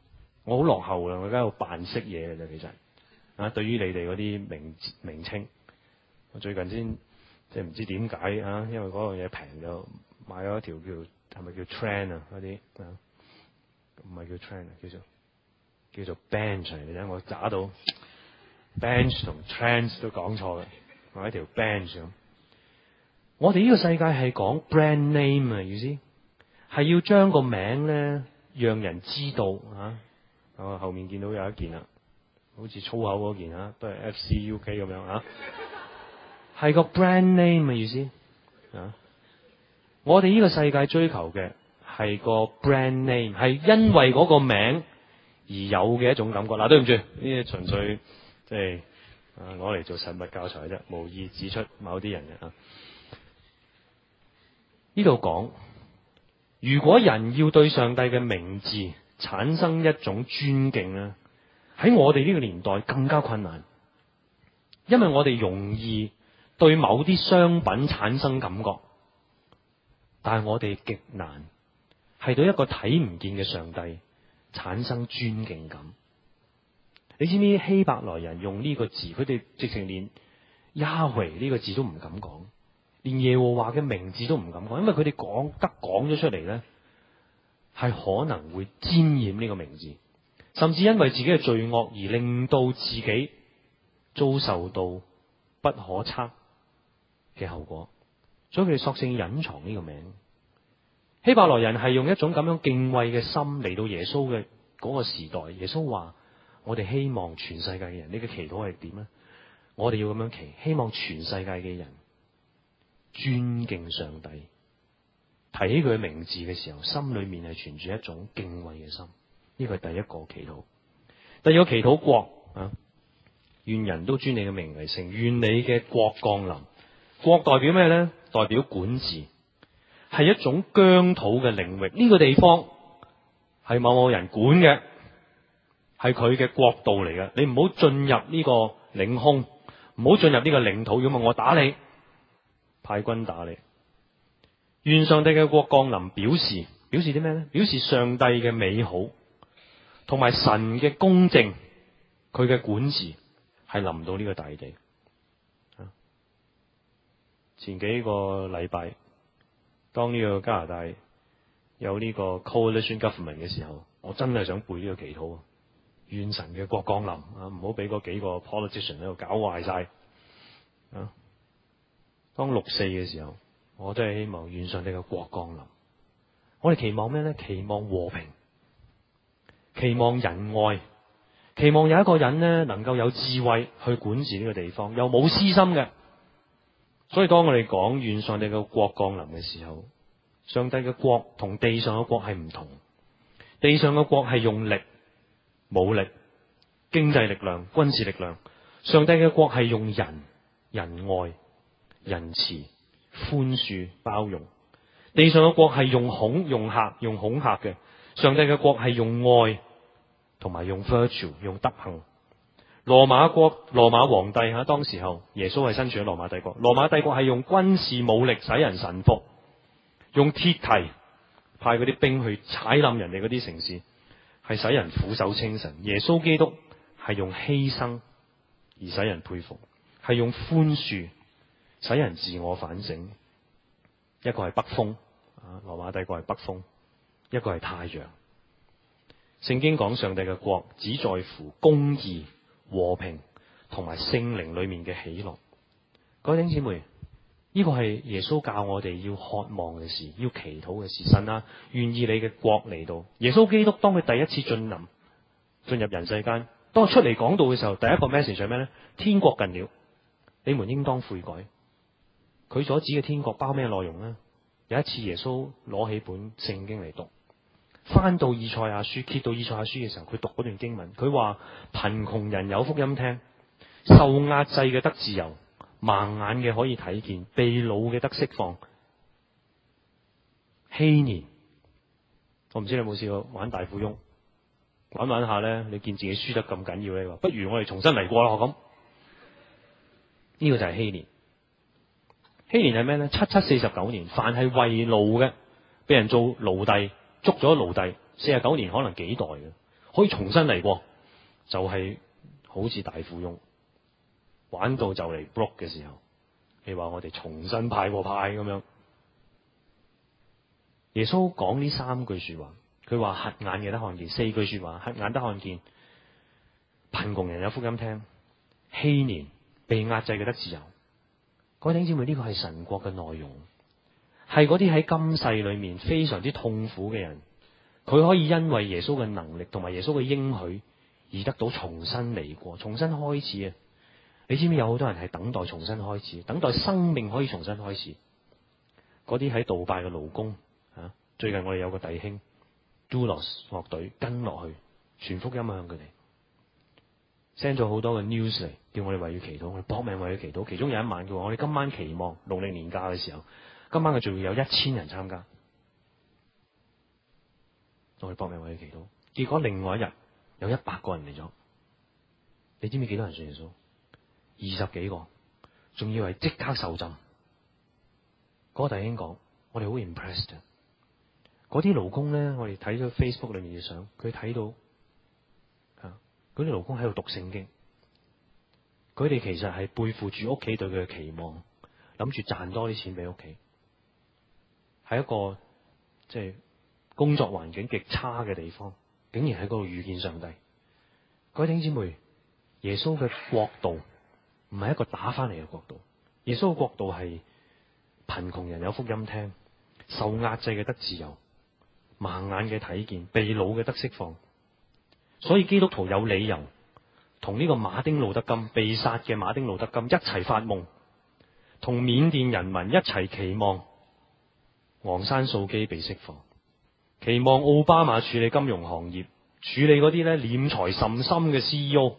我好落後㗎，我而家喺度扮識嘢㗎其實。啊，對於你哋嗰啲名名稱，我最近先即係唔知點解啊，因為嗰樣嘢平咗，買咗一條叫做係咪叫 Trend 啊，嗰啲唔係叫 Trend，叫做叫做 Bench 嚟嘅，我打到 Bench 同 Trend 都講錯嘅，我一條 bench 咁。我哋呢個世界係講 brand name 啊，意思係要將個名呢，讓人知道咁哦、啊啊，後面見到有一件啦，好似粗口嗰件啊，都係 F.C.U.K. 咁樣啊，係 個 brand name 啊，意思啊。我哋呢個世界追求嘅係個 brand name，係因為嗰個名而有嘅一種感覺嗱、啊。對唔住，呢嘢純粹即係攞嚟做實物教材啫，無意指出某啲人嘅啊。呢度講，如果人要對上帝嘅名字產生一種尊敬咧，喺我哋呢個年代更加困難，因為我哋容易對某啲商品產生感覺，但係我哋極難係對一個睇唔見嘅上帝產生尊敬感。你知唔知希伯來人用呢個字？佢哋直情連雅威呢個字都唔敢講。連耶和華嘅名字都唔敢講，因為佢哋講得講咗出嚟咧，係可能會沾染呢個名字，甚至因為自己嘅罪惡而令到自己遭受到不可測嘅後果，所以佢哋索性隱藏呢個名。希伯來人係用一種咁樣敬畏嘅心嚟到耶穌嘅嗰個時代。耶穌話：我哋希望全世界嘅人，你嘅祈禱係點啊？我哋要咁樣祈，希望全世界嘅人。尊敬上帝，提起佢嘅名字嘅時候，心裏面係存住一種敬畏嘅心，呢個係第一個祈禱。第二個祈禱國啊，願人都尊你嘅名為聖，願你嘅國降臨。國代表咩咧？代表管治，係一種疆土嘅領域。呢、這個地方係某某人管嘅，係佢嘅國度嚟嘅。你唔好進入呢個領空，唔好進入呢個領土，如果唔係我打你。派軍打你，願上帝嘅國降臨，表示表示啲咩咧？表示上帝嘅美好，同埋神嘅公正，佢嘅管治係臨到呢個大地。啊，前幾個禮拜，當呢個加拿大有呢個 coalition government 嘅時候，我真係想背呢個祈禱啊，願神嘅國降臨啊！唔好俾嗰幾個 politician 喺度搞壞晒啊！當六四嘅時候，我都係希望願上帝嘅國降臨。我哋期望咩呢？期望和平，期望仁愛，期望有一個人呢能夠有智慧去管治呢個地方，又冇私心嘅。所以當我哋講願上帝嘅國降臨嘅時候，上帝嘅國同地上嘅國係唔同。地上嘅國係用力、武力、經濟力量、軍事力量；上帝嘅國係用人、仁愛。仁慈、寬恕、包容，地上嘅國係用恐、用嚇、用恐嚇嘅；上帝嘅國係用愛，同埋用 virtue，用德行。羅馬國、羅馬皇帝吓，當時候耶穌係身處喺羅馬帝國。羅馬帝國係用軍事武力使人臣服，用鐵蹄派嗰啲兵去踩冧人哋嗰啲城市，係使人俯首稱臣。耶穌基督係用犧牲而使人佩服，係用寬恕。使人自我反省，一個係北風，羅馬帝國係北風；一個係太陽。聖經講上帝嘅國只在乎公義、和平同埋聖靈裏面嘅喜樂。各位兄姊妹，呢、這個係耶穌教我哋要渴望嘅事，要祈禱嘅事。神啊，願意你嘅國嚟到。耶穌基督當佢第一次進臨、進入人世間，當出嚟講道嘅時候，第一個 message 係咩呢？「天國近了，你們應當悔改。佢所指嘅天國包咩內容呢？有一次耶穌攞起本聖經嚟讀，翻到以賽亞書，揭到以賽亞書嘅時候，佢讀嗰段經文，佢話貧窮人有福音聽，受壓制嘅得自由，盲眼嘅可以睇見，被擄嘅得釋放。禧年，我唔知你有冇試過玩大富翁，玩玩下呢。你見自己輸得咁緊要咧，不如我哋重新嚟過啦咁。呢、這個就係禧年。禧年係咩呢？七七四十九年，凡係為奴嘅，被人做奴隸，捉咗奴隸，四十九年可能幾代嘅，可以重新嚟過，就係、是、好似大富翁玩到就嚟 block 嘅時候，你話我哋重新派過派咁樣。耶穌講呢三句說話，佢話瞎眼嘅得看見，四句說話，瞎眼得看見，貧窮人有福音聽，禧年被壓制嘅得自由。各位弟兄姊妹，呢個係神國嘅內容，係啲喺今世裏面非常之痛苦嘅人，佢可以因為耶穌嘅能力同埋耶穌嘅應許而得到重新嚟過、重新開始啊！你知唔知有好多人係等待重新開始，等待生命可以重新開始？啲喺杜拜嘅勞工啊，最近我哋有個弟兄，Doulos 樂隊跟落去，全福音向佢哋。send 咗好多嘅 news 嚟，叫我哋為佢祈禱，我哋搏命為佢祈禱。其中有一晚嘅話，我哋今晚期望農曆年假嘅時候，今晚仲要有一千人參加，我哋搏命為佢祈禱。結果另外一日有一百個人嚟咗，你知唔知幾多人算數？二十幾個，仲以為即刻受浸。嗰個弟兄講：我哋好 impressed。嗰啲勞工咧，我哋睇咗 Facebook 裏面嘅相，佢睇到。佢哋勞工喺度讀聖經，佢哋其實係背負住屋企對佢嘅期望，諗住賺多啲錢俾屋企，喺一個即係、就是、工作環境極差嘅地方，竟然喺嗰度遇見上帝。各位弟兄姊妹，耶穌嘅國度唔係一個打翻嚟嘅國度，耶穌嘅國度係貧窮人有福音聽，受壓制嘅得自由，盲眼嘅睇見，被擄嘅得釋放。所以基督徒有理由同呢個馬丁路德金被殺嘅馬丁路德金一齊發夢，同緬甸人民一齊期望昂山素姬被釋放，期望奧巴馬處理金融行業，處理啲咧斂財甚深嘅 C E O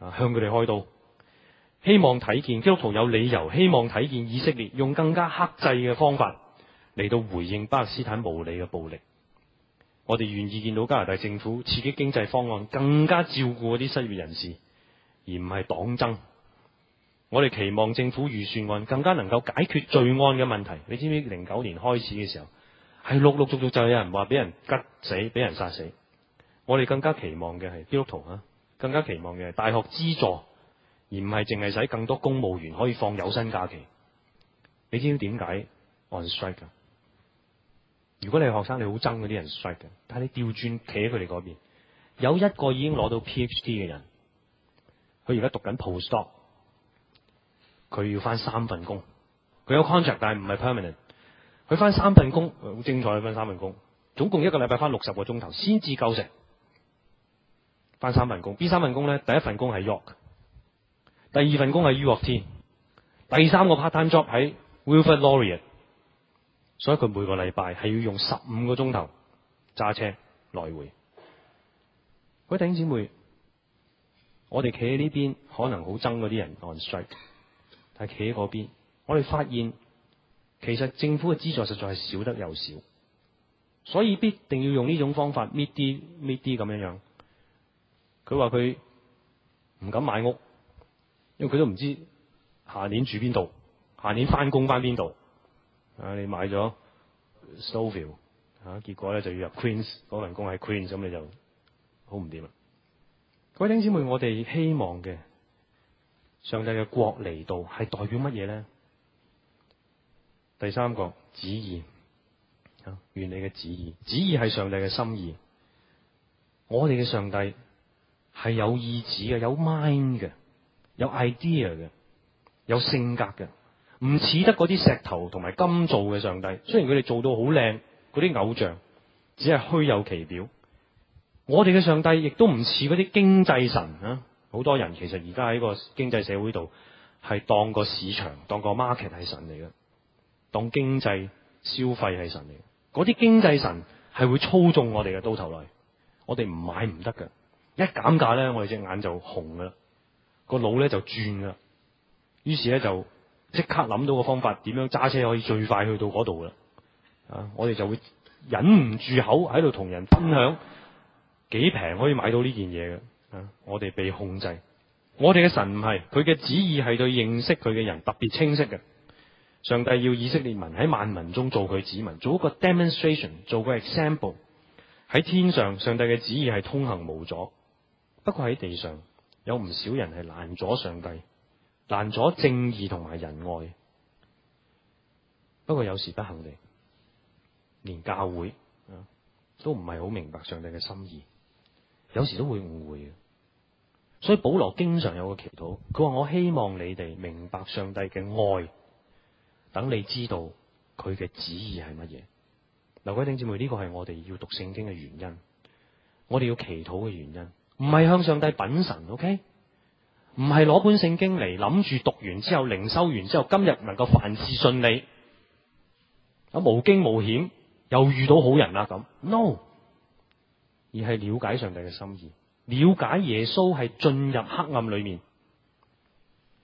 啊，向佢哋開刀，希望睇見基督徒有理由希望睇見以色列用更加克制嘅方法嚟到回應巴勒斯坦無理嘅暴力。我哋願意見到加拿大政府刺激經濟方案更加照顧啲失業人士，而唔係黨爭。我哋期望政府預算案更加能夠解決罪案嘅問題。你知唔知零九年開始嘅時候係陸陸續續就有人話俾人吉死、俾人殺死？我哋更加期望嘅係基督徒啊，更加期望嘅係大學資助，而唔係淨係使更多公務員可以放有薪假期。你知唔知點解？如果你係學生，你好憎嗰啲人 strike 嘅，但係你調轉企喺佢哋嗰邊，有一個已經攞到 PhD 嘅人，佢而家讀緊 postdoc，佢要翻三份工，佢有 contract，但係唔係 permanent，佢翻三份工，好精彩，翻三份工，總共一個禮拜翻六十個鐘頭先至夠食，翻三份工。邊三份工咧？第一份工係 York，第二份工係 U of T，第三個 part time job 喺 Wilfrid Laurier。所以佢每個禮拜係要用十五個鐘頭揸車來回。各位弟兄姊妹，我哋企喺呢邊可能好憎嗰啲人 on strike，但係企喺嗰邊，我哋發現其實政府嘅資助實在係少得又少，所以必定要用呢種方法搣啲搣啲咁樣樣。佢話佢唔敢買屋，因為佢都唔知下年住邊度，下年翻工翻邊度。啊！你買咗 s o v i e w 吓結果咧就要入 Queen's 嗰份工喺 Queen's，咁你就好唔掂啦。各位弟兄姊妹，我哋希望嘅上帝嘅國嚟到係代表乜嘢咧？第三個旨意，願你嘅旨意，旨意係上帝嘅心意。我哋嘅上帝係有意志嘅，有 mind 嘅，有 idea 嘅，有性格嘅。唔似得嗰啲石頭同埋金做嘅上帝，雖然佢哋做到好靚，嗰啲偶像只係虛有其表。我哋嘅上帝亦都唔似嗰啲經濟神啊！好多人其實而家喺個經濟社會度係當個市場、當個 market 係神嚟嘅，當經濟消費係神嚟嘅。嗰啲經濟神係會操縱我哋嘅，到頭來我哋唔買唔得嘅。一減價咧，我哋隻眼就紅噶啦，個腦咧就轉啦。於是咧就。即刻諗到個方法，點樣揸車可以最快去到度啦？啊，我哋就會忍唔住口喺度同人分享幾平可以買到呢件嘢嘅。啊，我哋被控制。我哋嘅神係佢嘅旨意係對認識佢嘅人特別清晰嘅。上帝要以色列民喺萬民中做佢子民，做一個 demonstration，做個 example。喺天上，上帝嘅旨意係通行無阻。不過喺地上，有唔少人係攔阻上帝。難咗正義同埋仁愛，不過有時不幸地，連教會都唔係好明白上帝嘅心意，有時都會誤會嘅。所以保羅經常有個祈禱，佢話我希望你哋明白上帝嘅愛，等你知道佢嘅旨意係乜嘢。劉鬼頂姊妹，呢個係我哋要讀聖經嘅原因，我哋要祈禱嘅原因，唔係向上帝品神，OK？唔係攞本聖經嚟，諗住讀完之後靈修完之後今日能夠凡事順利，咁無驚無險又遇到好人啦，咁，no，而係了解上帝嘅心意，了解耶穌係進入黑暗裏面。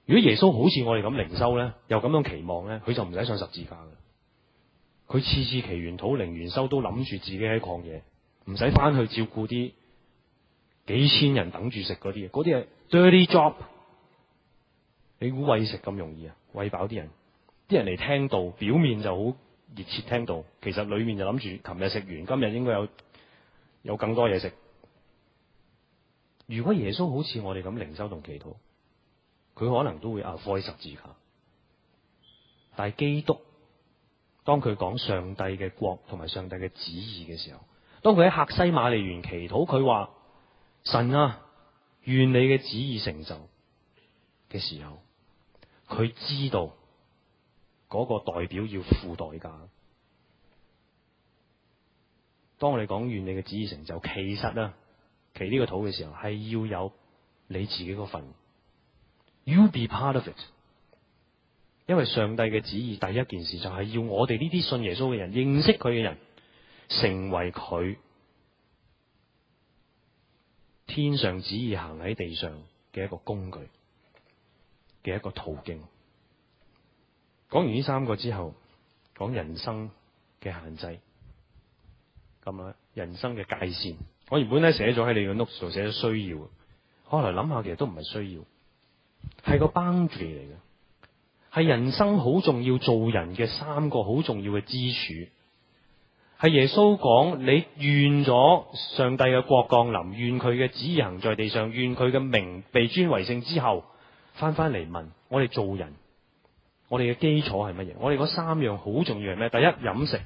如果耶穌好似我哋咁靈修呢，又咁樣期望呢，佢就唔使上十字架。佢次次祈完禱靈完修都諗住自己喺曠野，唔使翻去照顧啲。幾千人等住食嗰啲，嗰啲係 dirty job。你估餵食咁容易啊？餵飽啲人，啲人嚟聽道，表面就好熱切聽道。其實裏面就諗住，琴日食完，今日應該有有更多嘢食。如果耶穌好似我哋咁靈修同祈禱，佢可能都會啊 avoid 十字架。但係基督當佢講上帝嘅國同埋上帝嘅旨意嘅時候，當佢喺客西馬尼園祈禱，佢話。神啊，願你嘅旨意成就嘅時候，佢知道個代表要付代價。當我哋講願你嘅旨意成就，其實咧，其呢個土嘅時候係要有你自己份，You be part of it。因為上帝嘅旨意第一件事就係要我哋呢啲信耶穌嘅人，認識佢嘅人，成為佢天上旨意行喺地上嘅一個工具嘅一個途徑，講完呢三個之後，講人生嘅限制，咁啊，人生嘅界線，我原本咧寫咗喺你個 notes 度，寫咗需要，後來諗下其實都唔係需要，係個 boundary 嚟嘅，係人生好重要做人嘅三個好重要嘅支柱。係耶穌講：你願咗上帝嘅國降臨，願佢嘅旨意行在地上，願佢嘅名被尊為聖之後，翻翻嚟問我哋做人，我哋嘅基礎係乜嘢？我哋嗰三樣好重要係咩？第一飲食，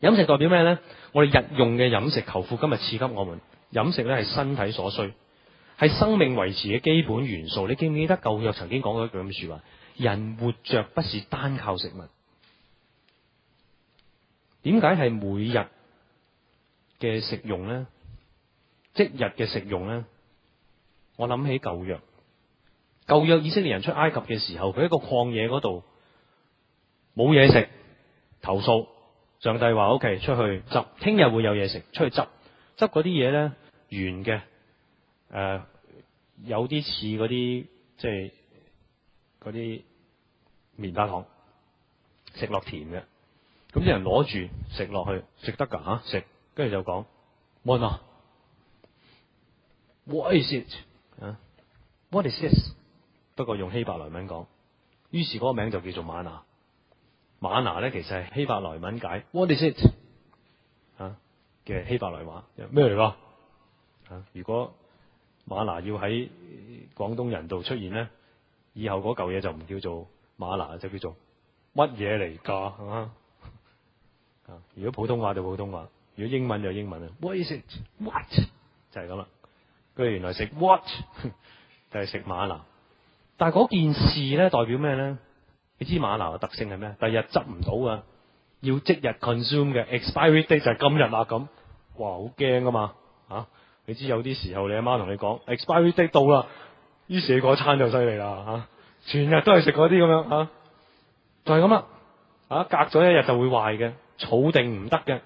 飲食代表咩呢？我哋日用嘅飲食，求父今日賜給我們飲食咧，係身體所需，係生命維持嘅基本元素。你記唔記得舊約曾經講過一句咁嘅說話：人活着不是單靠食物。點解係每日嘅食用咧？即日嘅食用咧？我諗起舊約，舊約以色列人出埃及嘅時候，佢喺個曠野嗰度冇嘢食，投訴上帝話：O K，出去執，聽日會有嘢食，出去執，執嗰啲嘢咧，圓嘅，誒、呃，有啲似嗰啲即係嗰啲棉花糖，食落甜嘅。咁啲人攞住食落去食得噶嚇食，跟住就講 what，what is it？啊，what is this？不過用希伯來文講，於是嗰個名就叫做馬拿。馬拿咧其實係希伯來文解 what is it？啊嘅希伯來話咩嚟？噶啊，如果馬拿要喺廣東人度出現咧，以後嗰嚿嘢就唔叫做馬拿，就叫做乜嘢嚟？噶啊！如果普通話就普通話，如果英文就英文啊。What is it? What？就係咁啦。佢原來食 what？ 就係食嗎哪。但係嗰件事咧代表咩咧？你知嗎哪嘅特性係咩？第日執唔到啊，要即日 consume 嘅 expiry date 就係今日啦。咁，哇，好驚㗎嘛。嚇、啊，你知有啲時候你阿媽同你講 expiry date 到啦，於是你嗰餐就犀利啦。嚇、啊，全日都係食嗰啲咁樣嚇，就係咁啦。嚇、啊，隔咗一日就會壞嘅。儲定唔得嘅，呢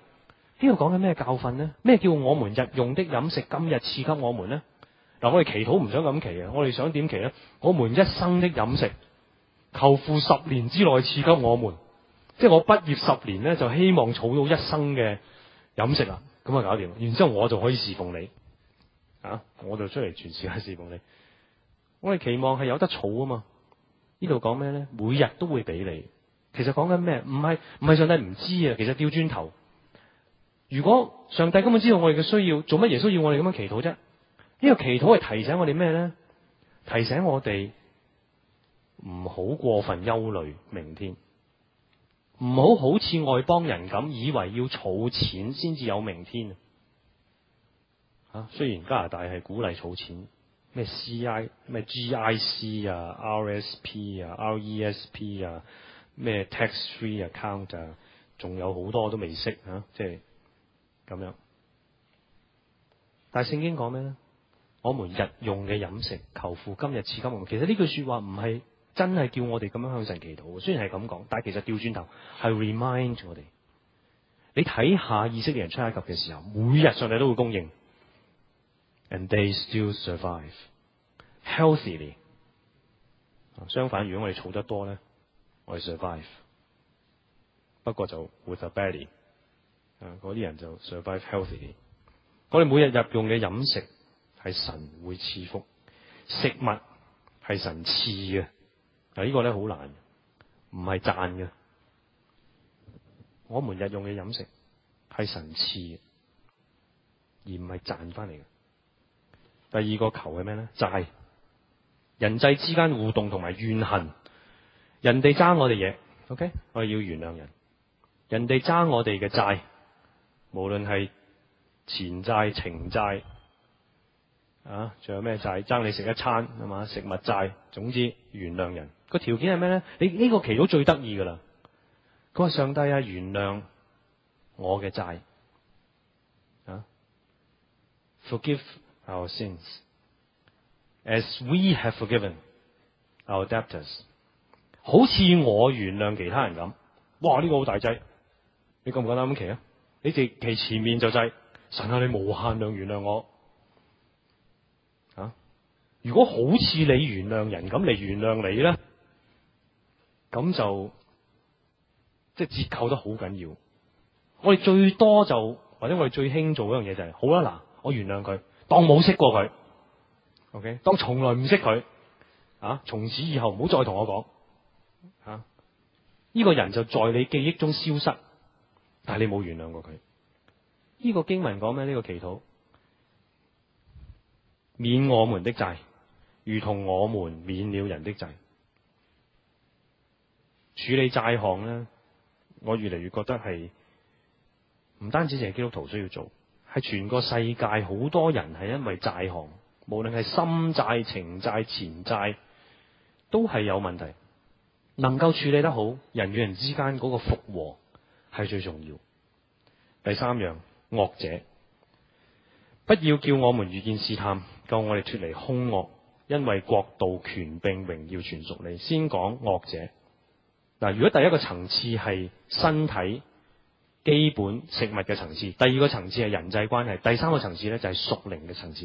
度講緊咩教訓呢？咩叫我們日用的飲食今日賜給我們呢？嗱、呃，我哋祈禱唔想咁祈嘅，我哋想點祈呢？我們一生的飲食，求父十年之內賜給我們，即係我畢業十年呢，就希望儲到一生嘅飲食啦，咁啊搞掂，然之後我就可以侍奉你，啊，我就出嚟全世界侍奉你。我哋期望係有得儲啊嘛，呢度講咩呢？每日都會俾你。其實講緊咩？唔係唔係上帝唔知啊。其實掉轉頭。如果上帝根本知道我哋嘅需要，做乜耶穌要我哋咁樣祈禱啫？呢、這個祈禱係提醒我哋咩呢？提醒我哋唔好過分憂慮明天，唔好好似外邦人咁，以為要儲錢先至有明天啊。雖然加拿大係鼓勵儲錢咩 C.I 咩 G.I.C 啊、R.S.P 啊、R.E.S.P 啊。咩 tax-free account 就、啊、仲有好多都未識啊！即係咁樣，但聖經講咩咧？我們日用嘅飲食求父今日賜給我們。其實呢句說話唔係真係叫我哋咁樣向神祈禱。雖然係咁講，但係其實調轉頭係 remind 我哋，你睇下以色列人出埃及嘅時候，每日上帝都會供應，and they still survive healthily。相反，如果我哋儲得多咧？我哋 survive，不過就 with a belly，嗰啲人就 survive healthy。我哋每日日用嘅飲食係神會賜福，食物係神賜嘅，嗱，呢個咧好難，唔係賺嘅。我們日用嘅飲食係神賜嘅，而唔係賺翻嚟嘅。第二個求係咩咧？就係人際之間互動同埋怨恨。人哋爭我哋嘢，OK？我要原諒人。人哋爭我哋嘅債，無論係前債、情債啊，仲有咩債？爭你食一餐係嘛？食物債，總之原諒人。個條件係咩咧？你呢個祈禱最得意噶啦。咁啊，上帝啊，原諒我嘅債啊，Forgive our sins as we have forgiven our debtors. 好似我原諒其他人咁，哇！呢、這個好大劑，你覺唔覺得咁？奇啊，你直其前面就係、是、神啊，你無限量原諒我啊。如果好似你原諒人咁嚟原諒你咧，咁就即係、就是、折扣得好緊要。我哋最多就或者我哋最興做嗰樣嘢就係、是、好啦，嗱，我原諒佢，當冇識過佢，ok，當從來唔識佢啊，從此以後唔好再同我講。吓，呢個人就在你記憶中消失，但係你冇原諒過佢。呢個經文講咩？呢個祈禱，免我們的債，如同我們免了人的債。處理債項呢，我越嚟越覺得係唔單止淨係基督徒需要做，係全個世界好多人係因為債項，無論係心債、情債、錢債，都係有問題。能夠處理得好人與人之間嗰個復和，係最重要。第三樣惡者，不要叫我們遇見試探，救我哋脫離兇惡，因為國度、權柄、榮耀全屬你。先講惡者。嗱，如果第一個層次係身體基本食物嘅層次，第二個層次係人際關係，第三個層次咧，就係屬靈嘅層次。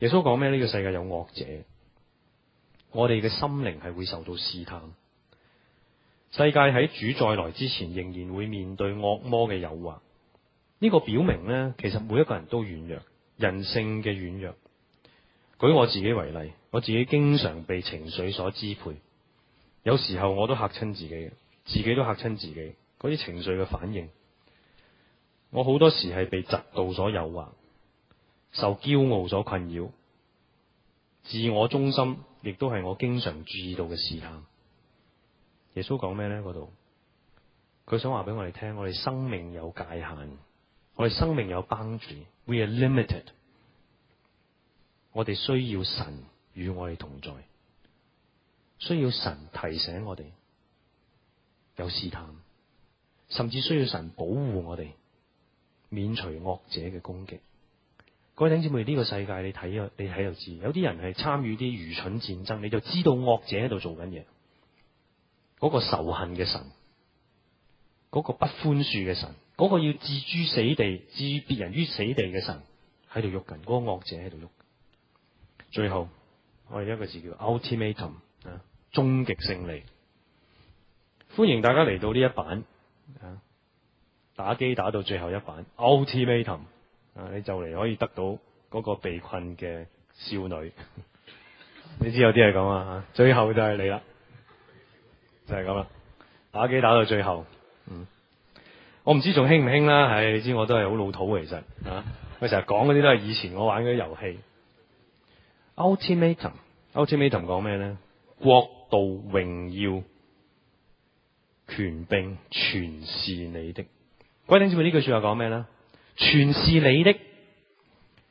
耶穌講咩？呢個世界有惡者，我哋嘅心靈係會受到試探。世界喺主再來之前，仍然會面對惡魔嘅誘惑。呢、這個表明呢，其實每一個人都軟弱，人性嘅軟弱。舉我自己為例，我自己經常被情緒所支配，有時候我都吓親自己，自己都吓親自己。嗰啲情緒嘅反應，我好多時係被嫉妒所誘惑，受驕傲所困擾，自我中心亦都係我經常注意到嘅事態。耶穌講咩咧？度，佢想話俾我哋聽：我哋生命有界限，我哋生命有幫助。We are limited。我哋需要神與我哋同在，需要神提醒我哋，有試探，甚至需要神保護我哋，免除惡者嘅攻擊。各位弟兄姊妹，呢個世界你睇，你睇就知，有啲人係參與啲愚蠢戰爭，你就知道惡者喺度做緊嘢。嗰個仇恨嘅神，嗰個不寬恕嘅神，嗰個要置諸死地、置別人於死地嘅神，喺度喐緊，嗰個惡者喺度喐。最後我哋一個字叫 Ultimatum 啊，終極勝利。歡迎大家嚟到呢一版啊，打機打到最後一版、uh. Ultimatum 啊，你就嚟可以得到嗰個被困嘅少女。 你知有啲係咁啊，最後就係你啦。就係咁啦，打機打到最後，嗯，我唔知仲興唔興啦。唉，你知我都係好老土其實啊，我成日講嗰啲都係以前我玩啲遊戲。Ultimate，Ultimate 講咩呢？國度榮耀權柄全是你的。鬼丁子會呢句話說話講咩呢？全是你的，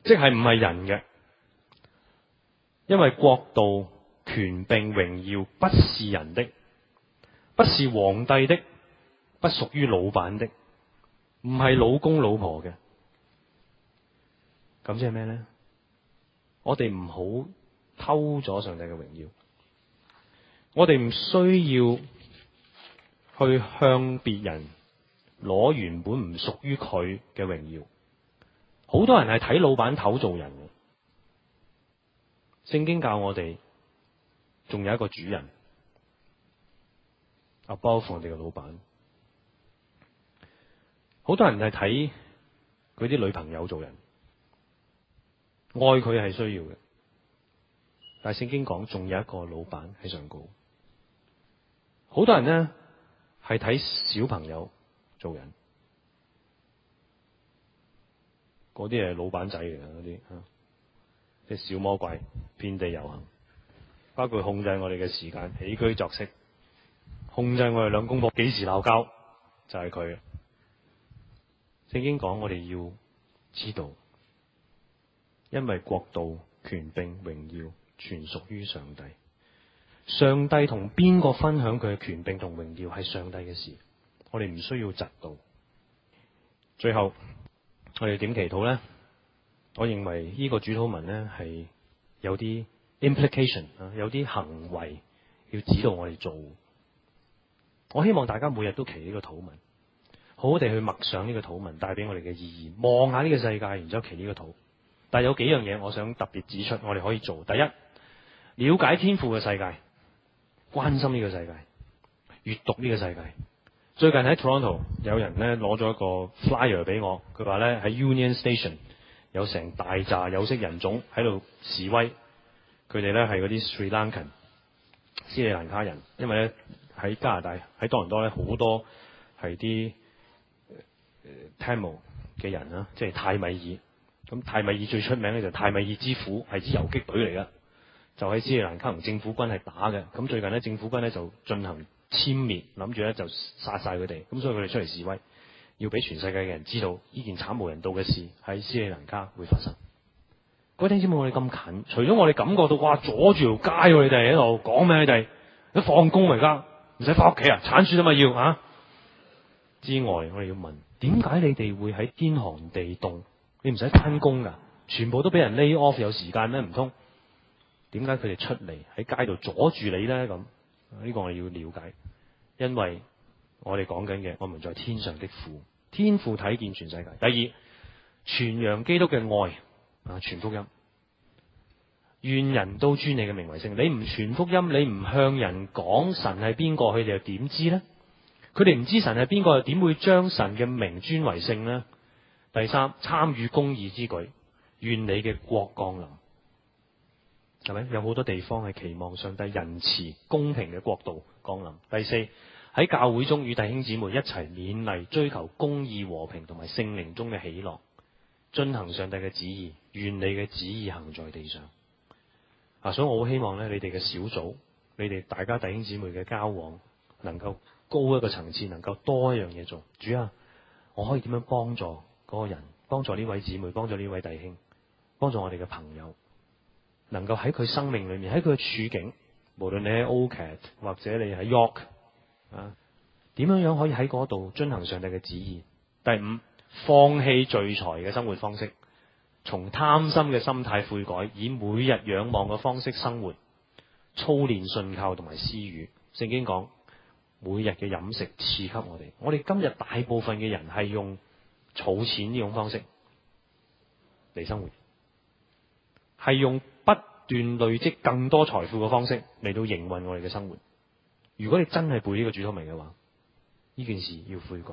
即係唔係人嘅，因為國度權柄榮耀不是人的。不是皇帝的，不屬於老板的，唔係老公老婆嘅，咁即係咩咧？我哋唔好偷咗上帝嘅榮耀，我哋唔需要去向別人攞原本唔屬於佢嘅榮耀。好多人係睇老闆頭做人嘅，聖經教我哋仲有一個主人。啊，包括我哋嘅老闆，好多人係睇佢啲女朋友做人，愛佢係需要嘅。但聖經講，仲有一個老闆喺上高，好多人咧係睇小朋友做人，嗰啲係老闆仔嚟嘅嗰啲，即小魔鬼遍地遊行，包括控制我哋嘅時間、起居作息。控制我哋兩公婆幾時鬧交，就係、是、佢正經講，我哋要知道，因為國度、權柄、榮耀全屬於上帝。上帝同邊個分享佢嘅權柄同榮耀，係上帝嘅事，我哋唔需要嫉妒。最後我哋點祈禱呢？我認為呢個主禱文呢，係有啲 implication，有啲行為要指導我哋做。我希望大家每日都祈呢個土文，好好地去默想呢個土文帶俾我哋嘅意義，望下呢個世界，然之後祈呢個土。但有幾樣嘢我想特別指出，我哋可以做。第一，了解天父嘅世界，關心呢個世界，閱讀呢個世界。最近喺 Toronto 有人咧攞咗一個 flyer 俾我，佢話咧喺 Union Station 有成大扎有色人種喺度示威，佢哋咧係嗰啲 Sri Lankan 斯里蘭卡人，因為咧。喺加拿大，喺多倫多咧，好多係啲誒誒 t m 泰莫嘅人啊，即係泰米爾。咁泰米爾最出名咧就泰米爾之虎係支游擊隊嚟噶，就喺斯里蘭卡同政府軍係打嘅。咁最近咧政府軍咧就進行殲滅，諗住咧就殺晒佢哋。咁所以佢哋出嚟示威，要俾全世界嘅人知道呢件慘無人道嘅事喺斯里蘭卡會發生。嗰啲知唔知我哋咁近？除咗我哋感覺到哇，阻住條街佢哋喺度講咩？佢哋一放工而家。唔使翻屋企啊！鏟雪啊嘛要啊！之外，我哋要問：點解你哋會喺天寒地凍？你唔使翻工噶，全部都俾人 lay off 有時間咧，唔通點解佢哋出嚟喺街度阻住你咧？咁呢個我哋要了解，因為我哋講緊嘅，我們在天上的父，天父睇見全世界。第二，傳揚基督嘅愛啊，全福音。願人都尊你嘅名為聖。你唔傳福音，你唔向人講神係邊個，佢哋又點知咧？佢哋唔知神係邊個，又點會將神嘅名尊為聖咧？第三，參與公義之舉，願你嘅國降臨，係咪？有好多地方係期望上帝仁慈、公平嘅國度降臨。第四，喺教會中與弟兄姊妹一齊勉勵，追求公義、和平同埋聖靈中嘅喜樂，遵行上帝嘅旨意，願你嘅旨意行在地上。啊！所以我好希望咧，你哋嘅小組，你哋大家弟兄姊妹嘅交往，能夠高一個層次，能夠多一樣嘢做。主啊，我可以點樣幫助嗰個人？幫助呢位姊妹，幫助呢位弟兄，幫助我哋嘅朋友，能夠喺佢生命裏面，喺佢嘅處境，無論你喺 OCAD 或者你喺 York 啊，點樣樣可以喺嗰度進行上帝嘅旨意？第五，放棄聚財嘅生活方式。從貪心嘅心態悔改，以每日仰望嘅方式生活，操練信靠同埋施予。聖經講，每日嘅飲食賜給我哋。我哋今日大部分嘅人係用儲錢呢種方式嚟生活，係用不斷累積更多財富嘅方式嚟到營運我哋嘅生活。如果你真係背呢個主禱文嘅話，呢件事要悔改。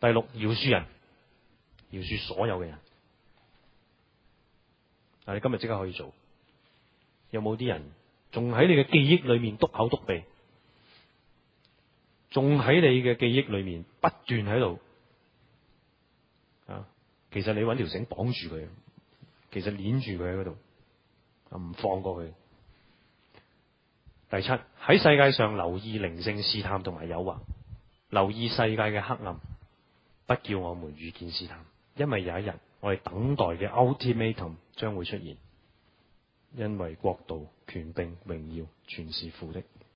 第六，要饒恕人，要饒恕所有嘅人。嗱，但你今日即刻可以做。有冇啲人仲喺你嘅記憶裏面篤口篤鼻？仲喺你嘅記憶裏面不斷喺度啊！其實你揾條繩綁住佢，其實捏住佢喺度，啊，唔放過佢。第七，喺世界上留意靈性試探同埋誘惑，留意世界嘅黑暗，不叫我們遇見試探，因為有一日。我哋等待嘅 ultimatum 將會出現，因為國度、權柄、榮耀全是父的。